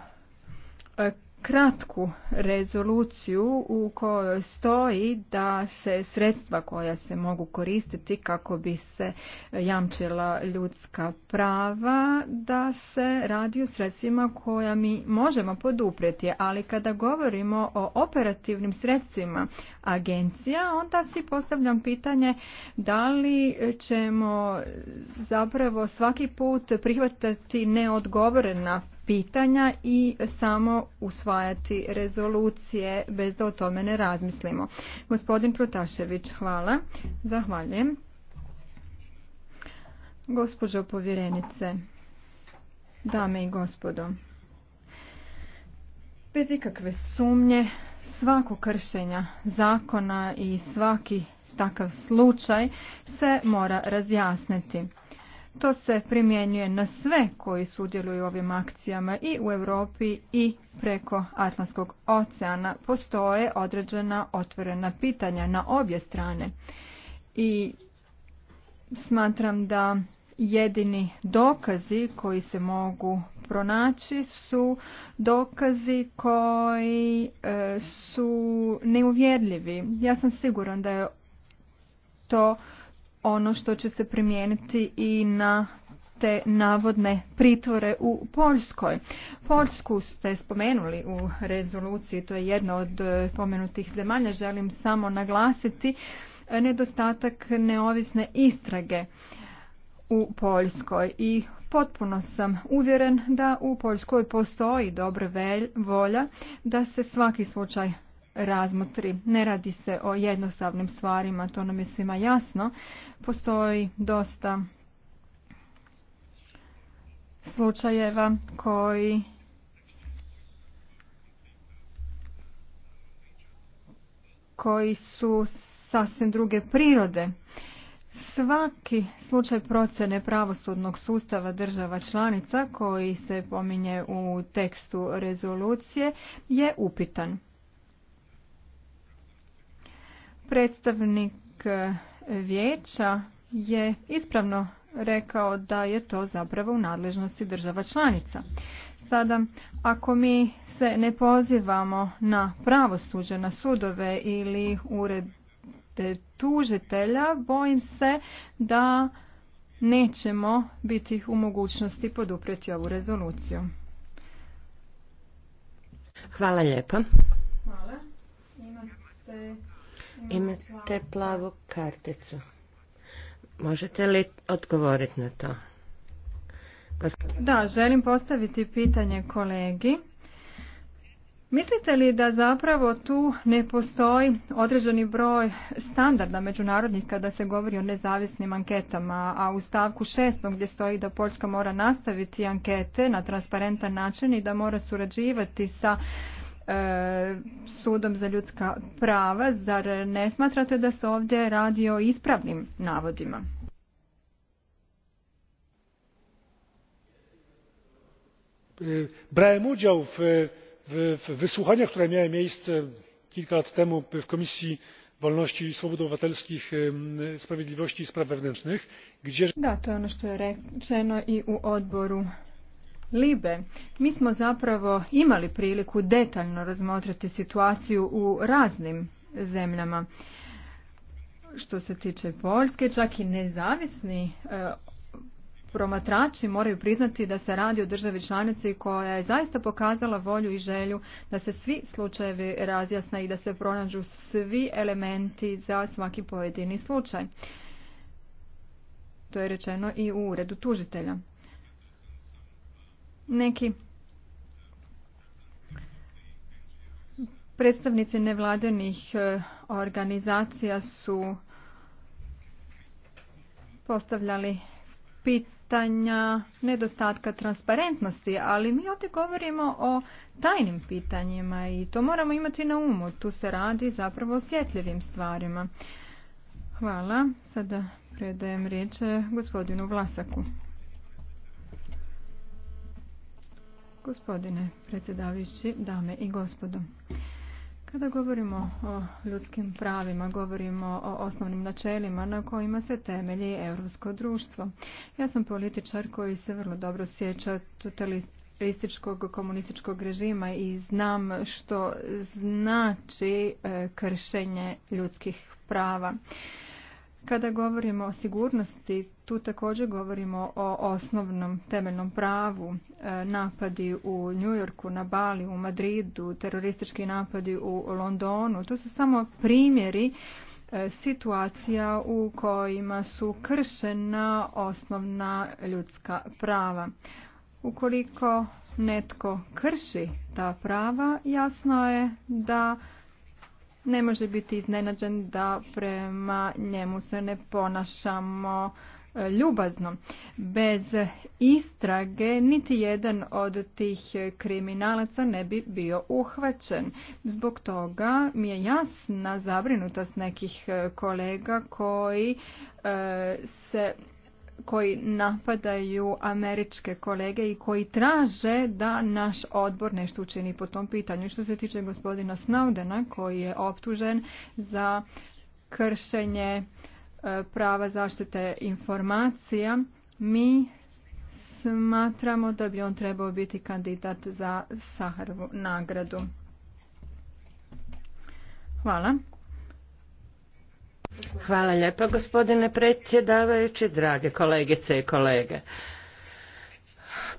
e, kratku rezoluciju u kojoj stoji da se sredstva koja se mogu koristiti kako bi se jamčila ljudska prava, da se radi o sredstvima koja mi možemo poduprijeti, ali kada govorimo o operativnim sredstvima agencija, onda si postavljam pitanje da li ćemo zapravo svaki put prihvatati neodgovorena pitanja i samo usvajati rezolucije bez da o tome ne razmislimo. Gospodin Protašević, hvala. Zahvaljujem. Gospođo povjerenice, dame i gospodo, bez ikakve sumnje svako kršenja zakona i svaki takav slučaj se mora razjasniti. To se primjenjuje na sve koji sudjeluju u ovim akcijama i u Europi i preko Atlantskog oceana. Postoje određena otvorena pitanja na obje strane. I smatram da jedini dokazi koji se mogu pronaći su dokazi koji e, su neuvjerljivi. Ja sam siguran da je to ono što će se primijeniti i na te navodne pritvore u Poljskoj. Poljsku ste spomenuli u rezoluciji, to je jedna od e, pomenutih zemalja, želim samo naglasiti e, nedostatak neovisne istrage u Poljskoj i potpuno sam uvjeren da u Poljskoj postoji dobra volja da se svaki slučaj razmotri. Ne radi se o jednostavnim stvarima, to nam je svima jasno. Postoji dosta slučajeva koji koji su sasvim druge prirode. Svaki slučaj procjene pravosudnog sustava država članica koji se pominje u tekstu rezolucije je upitan. Predstavnik e, vijeća je ispravno rekao da je to zapravo u nadležnosti država članica. Sada, ako mi se ne pozivamo na pravosuđe, na sudove ili urede tužitelja, bojim se da nećemo biti u mogućnosti poduprijeti ovu rezoluciju. Hvala lijepa. Hvala. Imate Imate plavu karticu. Možete li odgovoriti na to? Da, želim postaviti pitanje kolegi. Mislite li da zapravo tu ne postoji određeni broj standarda međunarodnih kada se govori o nezavisnim anketama, a u stavku šestom gdje stoji da Poljska mora nastaviti ankete na transparentan način i da mora surađivati sa E, sudom za ljudska prava, zar ne smatrate da se ovdje radi o ispravnim navodima? E, brałem udział w, w, w wysłuchaniach, które miały miejsce kilka lat temu w Komisji Wolności i Swobód Obywatelskich, Sprawiedliwości i Spraw Wewnętrznych, gdzie... Da, to ono što je rečeno i u odboru Libe, mi smo zapravo imali priliku detaljno razmotriti situaciju u raznim zemljama. Što se tiče Poljske, čak i nezavisni e, promatrači moraju priznati da se radi o državi članici koja je zaista pokazala volju i želju da se svi slučajevi razjasna i da se pronađu svi elementi za svaki pojedini slučaj. To je rečeno i u uredu tužitelja. Neki predstavnici nevladinih e, organizacija su postavljali pitanja nedostatka transparentnosti, ali mi ovdje govorimo o tajnim pitanjima i to moramo imati na umu. Tu se radi zapravo o osjetljivim stvarima. Hvala. Sada predajem riječ e, gospodinu Vlasaku. Gospodine predsjedavajući, dame i gospodo. Kada govorimo o ljudskim pravima, govorimo o osnovnim načelima na kojima se temelji europsko društvo. Ja sam političar koji se vrlo dobro sjeća totalističkog komunističkog režima i znam što znači e, kršenje ljudskih prava. Kada govorimo o sigurnosti, tu također govorimo o osnovnom temeljnom pravu. E, napadi u Njujorku, na Bali, u Madridu, teroristički napadi u Londonu. To su samo primjeri e, situacija u kojima su kršena osnovna ljudska prava. Ukoliko netko krši ta prava, jasno je da ne može biti iznenađen da prema njemu se ne ponašamo e, ljubazno. Bez istrage niti jedan od tih kriminalaca ne bi bio uhvaćen. Zbog toga mi je jasna zabrinutost nekih e, kolega koji e, se koji napadaju američke kolege i koji traže da naš odbor nešto učini po tom pitanju. Što se tiče gospodina Snowdena koji je optužen za kršenje e, prava zaštite informacija, mi smatramo da bi on trebao biti kandidat za Saharovu nagradu. Hvala. Hvala lijepa gospodine predsjedavajući, drage kolegice i kolege.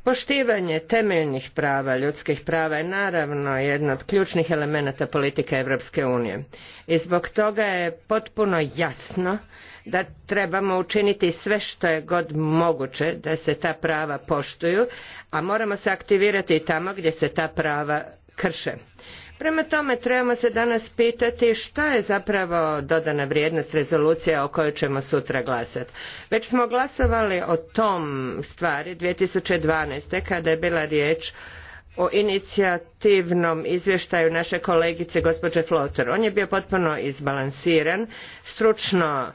Poštivanje temeljnih prava, ljudskih prava je naravno jedna od ključnih elemenata politike Europske unije. I zbog toga je potpuno jasno da trebamo učiniti sve što je god moguće da se ta prava poštuju, a moramo se aktivirati i tamo gdje se ta prava krše. Prema tome, trebamo se danas pitati šta je zapravo dodana vrijednost rezolucija o kojoj ćemo sutra glasati. Već smo glasovali o tom stvari 2012. kada je bila riječ o inicijativnom izvještaju naše kolegice gospođe Flotor. On je bio potpuno izbalansiran, stručno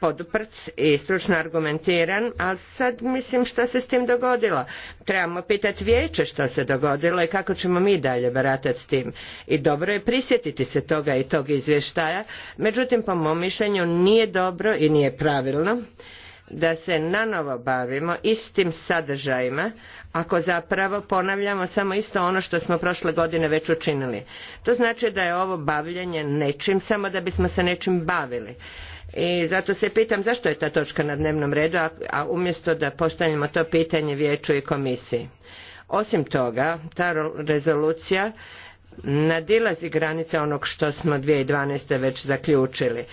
poduprt i stručno argumentiran, ali sad mislim što se s tim dogodilo. Trebamo pitati vijeće što se dogodilo i kako ćemo mi dalje baratati s tim. I dobro je prisjetiti se toga i tog izvještaja, međutim po mom mišljenju nije dobro i nije pravilno da se nanovo bavimo istim sadržajima ako zapravo ponavljamo samo isto ono što smo prošle godine već učinili. To znači da je ovo bavljenje nečim samo da bismo se nečim bavili. I zato se pitam zašto je ta točka na dnevnom redu, a umjesto da postavimo to pitanje vijeću i komisiji. Osim toga, ta rezolucija nadilazi granice onog što smo 2012. već zaključili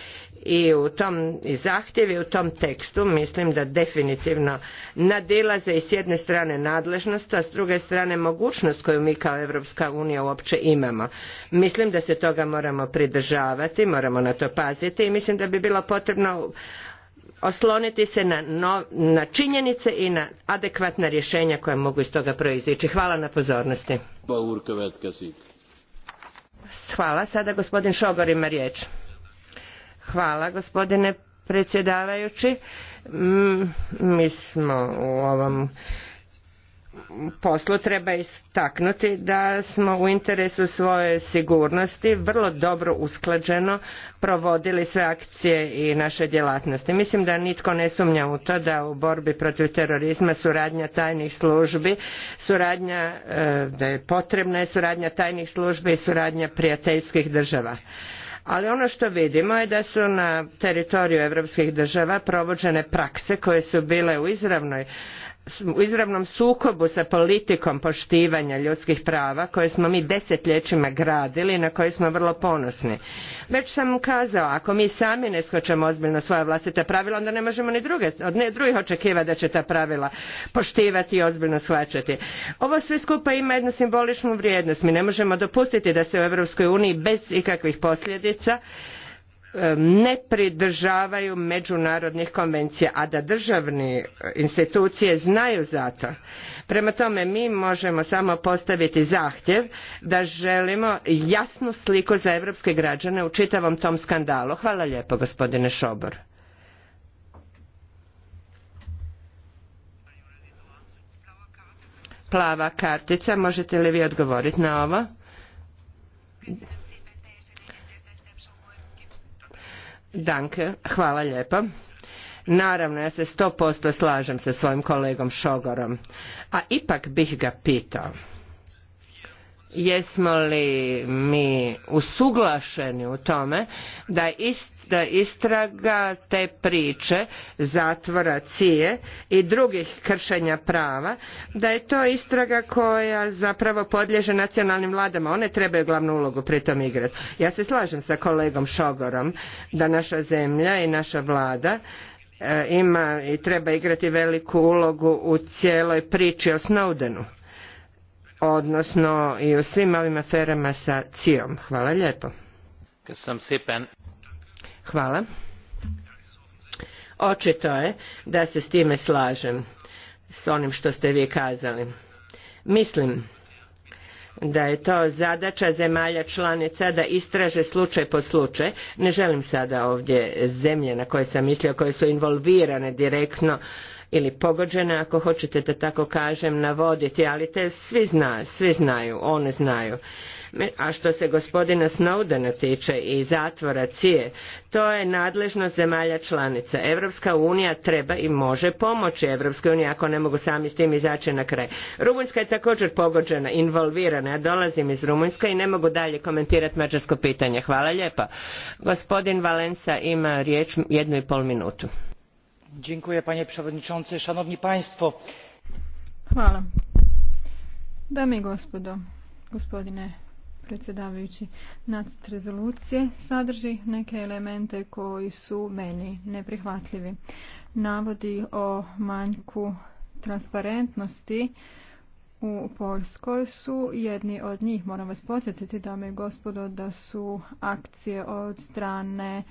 i u tom i zahtjevi u tom tekstu mislim da definitivno nadilaze i s jedne strane nadležnost, a s druge strane mogućnost koju mi kao Europska unija uopće imamo. Mislim da se toga moramo pridržavati, moramo na to paziti i mislim da bi bilo potrebno osloniti se na, na činjenice i na adekvatna rješenja koja mogu iz toga proizići. Hvala na pozornosti. Hvala. Sada gospodin Šogor ima riječ. Hvala gospodine predsjedavajući. Mm, mi smo u ovom poslu treba istaknuti da smo u interesu svoje sigurnosti vrlo dobro usklađeno provodili sve akcije i naše djelatnosti. Mislim da nitko ne sumnja u to da u borbi protiv terorizma suradnja tajnih službi, suradnja e, da je potrebna je suradnja tajnih službi i suradnja prijateljskih država ali ono što vidimo je da su na teritoriju europskih država provođene prakse koje su bile u izravnoj u izravnom sukobu sa politikom poštivanja ljudskih prava koje smo mi desetljećima gradili i na koje smo vrlo ponosni. Već sam kazao, ako mi sami ne shvaćamo ozbiljno svoja vlastita pravila, onda ne možemo ni druge, od ne drugih očekivati da će ta pravila poštivati i ozbiljno shvaćati. Ovo sve skupa ima jednu simboličnu vrijednost. Mi ne možemo dopustiti da se u Europskoj uniji bez ikakvih posljedica ne pridržavaju međunarodnih konvencija, a da državne e, institucije znaju za to. Prema tome, mi možemo samo postaviti zahtjev da želimo jasnu sliku za europske građane u čitavom tom skandalu. Hvala lijepo, gospodine Šobor. Plava kartica, možete li vi odgovoriti na ovo? Danke, hvala lijepa. Naravno, ja se sto posto slažem sa svojim kolegom Šogorom, a ipak bih ga pitao jesmo li mi usuglašeni u tome da, istraga te priče zatvora cije i drugih kršenja prava da je to istraga koja zapravo podlježe nacionalnim vladama one trebaju glavnu ulogu pri pritom igrati ja se slažem sa kolegom šogorom da naša zemlja i naša vlada e, ima i treba igrati veliku ulogu u cijeloj priči o snowdenu odnosno i u svim ovim aferama sa cijom. Hvala lijepo. Hvala. Očito je da se s time slažem, s onim što ste vi kazali. Mislim da je to zadaća zemalja članica da istraže slučaj po slučaj. Ne želim sada ovdje zemlje na koje sam mislio, koje su involvirane direktno ili pogođene ako hoćete da tako kažem navoditi ali te svi znaju, svi znaju one znaju a što se gospodina Snowdena tiče i zatvora cije to je nadležnost zemalja članica Evropska unija treba i može pomoći Evropskoj uniji ako ne mogu sami s tim izaći na kraj Rumunjska je također pogođena involvirana ja dolazim iz Rumunjska i ne mogu dalje komentirati mađarsko pitanje hvala lijepa gospodin Valensa ima riječ jednu i pol minutu panie przewodniczący! dame i gospodo gospodine predsjedavajući nacrt rezolucije sadrži neke elemente koji su meni neprihvatljivi navodi o manjku transparentnosti u Poljskoj su jedni od njih. Moram vas podsjetiti, dame i gospodo, da su akcije od strane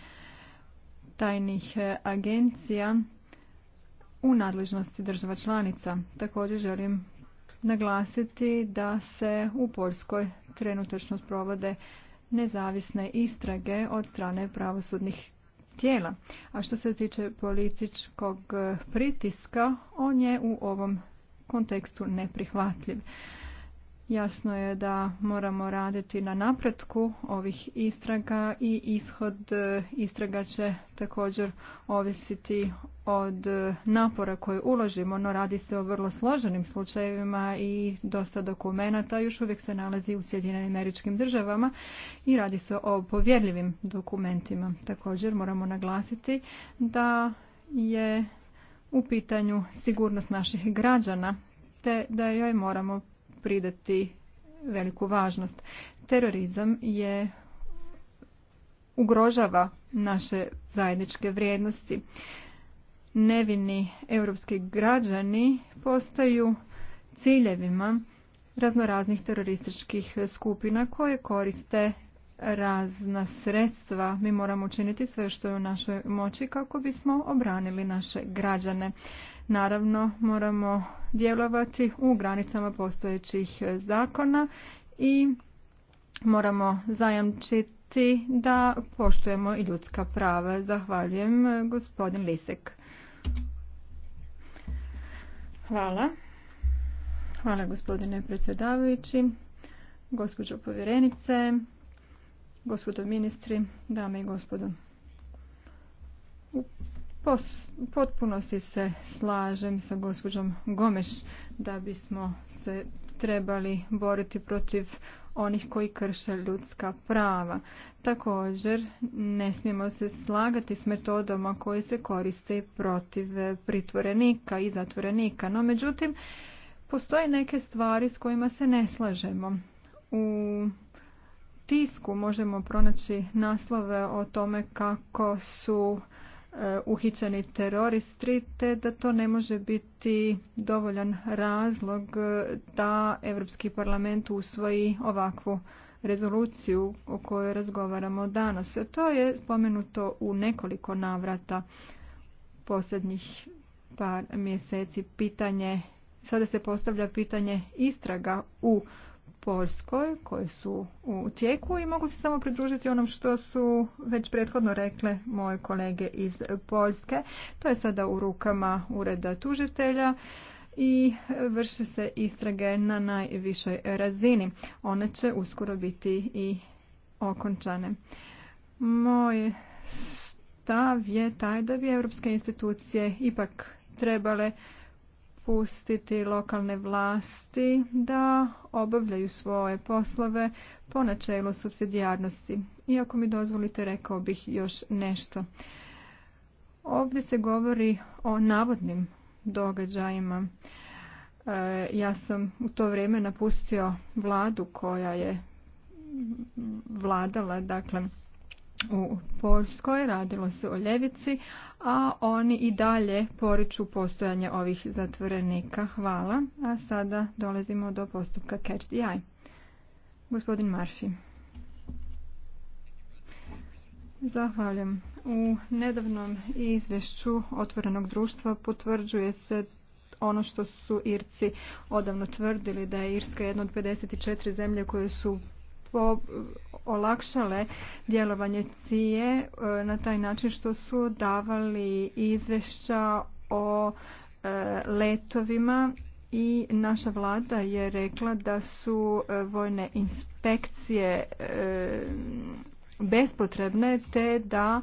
tajnih e, agencija u nadležnosti država članica. Također želim naglasiti da se u Poljskoj trenutačno provode nezavisne istrage od strane pravosudnih tijela. A što se tiče političkog e, pritiska, on je u ovom kontekstu neprihvatljiv. Jasno je da moramo raditi na napretku ovih istraga i ishod e, istraga će također ovisiti od e, napora koje uložimo, no radi se o vrlo složenim slučajevima i dosta dokumenata još uvijek se nalazi u Sjedinjenim američkim državama i radi se o povjerljivim dokumentima. Također moramo naglasiti da je u pitanju sigurnost naših građana te da joj moramo pridati veliku važnost. Terorizam je ugrožava naše zajedničke vrijednosti. Nevini europski građani postaju ciljevima raznoraznih terorističkih skupina koje koriste razna sredstva. Mi moramo učiniti sve što je u našoj moći kako bismo obranili naše građane. Naravno, moramo djelovati u granicama postojećih e, zakona i moramo zajamčiti da poštujemo i ljudska prava. Zahvaljujem e, gospodin Lisek. Hvala. Hvala gospodine predsjedavajući, gospođo povjerenice, gospodo ministri, dame i gospodo. U potpunosti se slažem sa gospođom Gomeš da bismo se trebali boriti protiv onih koji krše ljudska prava. Također, ne smijemo se slagati s metodama koje se koriste protiv pritvorenika i zatvorenika. No, međutim, postoje neke stvari s kojima se ne slažemo. U tisku možemo pronaći naslove o tome kako su E, uhićeni teroristi te da to ne može biti dovoljan razlog e, da Europski parlament usvoji ovakvu rezoluciju o kojoj razgovaramo danas. To je spomenuto u nekoliko navrata posljednjih par mjeseci pitanje, sada se postavlja pitanje istraga u Poljskoj koje su u tijeku i mogu se samo pridružiti onom što su već prethodno rekle moje kolege iz Poljske. To je sada u rukama ureda tužitelja i vrše se istrage na najvišoj razini. One će uskoro biti i okončane. Moj stav je taj da bi europske institucije ipak trebale pustiti lokalne vlasti da obavljaju svoje poslove po načelu subsidijarnosti. Iako mi dozvolite, rekao bih još nešto. Ovdje se govori o navodnim događajima. E, ja sam u to vrijeme napustio vladu koja je vladala, dakle, u Poljskoj, radilo se o ljevici, a oni i dalje poriču postojanje ovih zatvorenika. Hvala. A sada dolazimo do postupka Catch the Eye. Gospodin Marfi. Zahvaljujem. U nedavnom izvješću otvorenog društva potvrđuje se ono što su Irci odavno tvrdili da je Irska jedna od 54 zemlje koje su olakšale djelovanje cije e, na taj način što su davali izvješća o e, letovima i naša vlada je rekla da su e, vojne inspekcije bespotrebne te da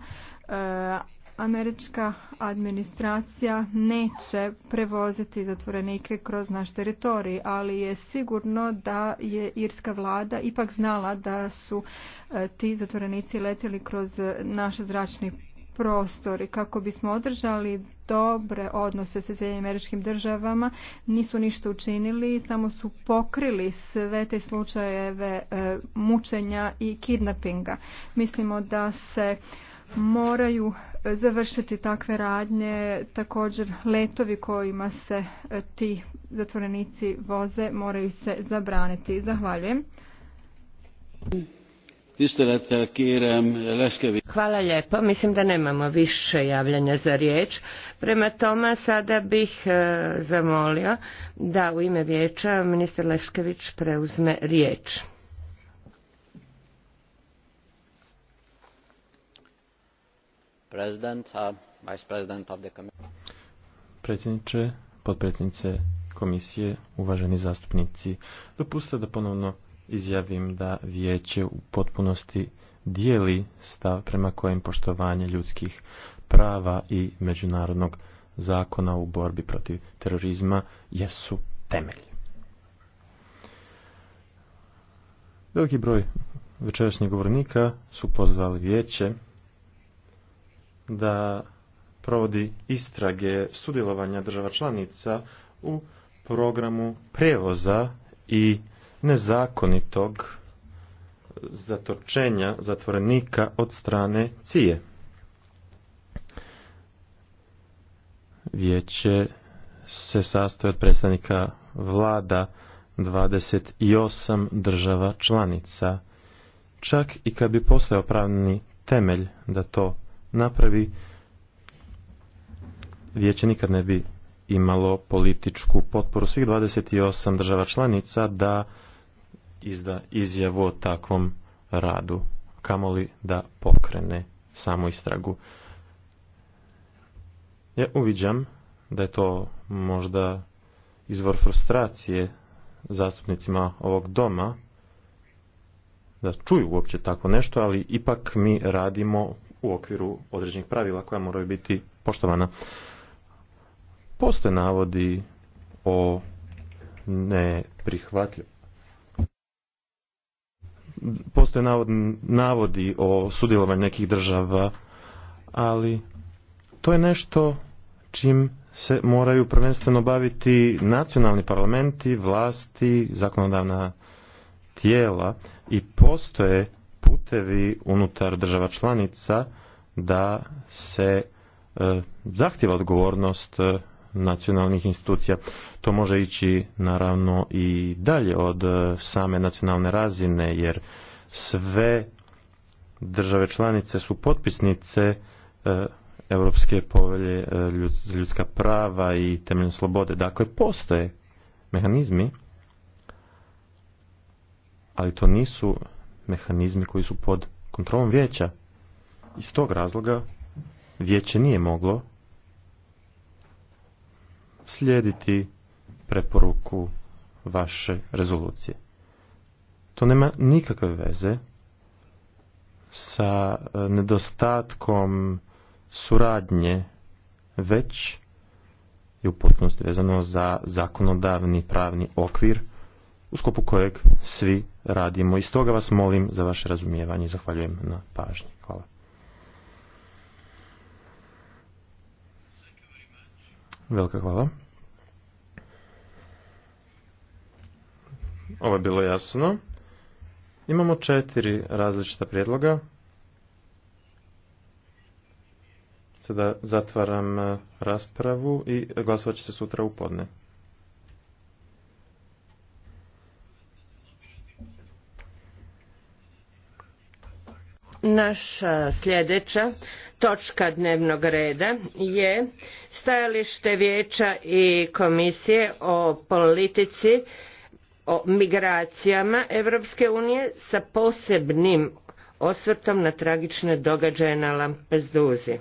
američka administracija neće prevoziti zatvorenike kroz naš teritorij, ali je sigurno da je irska vlada ipak znala da su e, ti zatvorenici letjeli kroz naš zračni prostor i kako bismo održali dobre odnose sa Sjedinim američkim državama nisu ništa učinili, samo su pokrili sve te slučajeve e, mučenja i kidnappinga. Mislimo da se moraju e, završiti takve radnje također letovi kojima se e, ti zatvorenici voze moraju se zabraniti zahvaljujem Hvala lijepo. Mislim da nemamo više javljanja za riječ. Prema tome sada bih e, zamolio da u ime vijeća ministar Leškević preuzme riječ. Predsjedniče, potpredsjednice komisije, uvaženi zastupnici, dopustite da ponovno izjavim da vijeće u potpunosti dijeli stav prema kojem poštovanje ljudskih prava i međunarodnog zakona u borbi protiv terorizma jesu temelj. Veliki broj večerašnjih govornika su pozvali vijeće da provodi istrage sudjelovanja država članica u programu prevoza i nezakonitog zatočenja zatvorenika od strane Cije. Vijeće se sastoji od predstavnika vlada 28 država članica. Čak i kad bi postojao pravni temelj da to napravi, vijeće nikad ne bi imalo političku potporu svih 28 država članica da izda izjavu o takvom radu, kamoli da pokrene samu istragu. Ja uviđam da je to možda izvor frustracije zastupnicima ovog doma, da čuju uopće tako nešto, ali ipak mi radimo u okviru određenih pravila koja moraju biti poštovana. Postoje navodi o neprihvatljivosti. Postoje navodi o sudjelovanju nekih država, ali to je nešto čim se moraju prvenstveno baviti nacionalni parlamenti, vlasti, zakonodavna tijela i postoje putevi unutar država članica da se e, zahtjeva odgovornost e, nacionalnih institucija. To može ići naravno i dalje od e, same nacionalne razine jer sve države članice su potpisnice Europske povelje ljudska prava i temeljne slobode. Dakle, postoje mehanizmi, ali to nisu mehanizmi koji su pod kontrolom vijeća. Iz tog razloga vijeće nije moglo slijediti preporuku vaše rezolucije. To nema nikakve veze sa e, nedostatkom suradnje, već i u potpunosti vezano za zakonodavni pravni okvir u skopu kojeg svi radimo. I stoga vas molim za vaše razumijevanje i zahvaljujem na pažnji. Hvala. Velika hvala. Ovo je bilo jasno. Imamo četiri različita prijedloga. Sada zatvaram eh, raspravu i glasovat će se sutra u podne. Naša sljedeća točka dnevnog reda je stajalište vijeća i komisije o politici o migracijama Europske unije sa posebnim osvrtom na tragične događaje na Lampezduzi.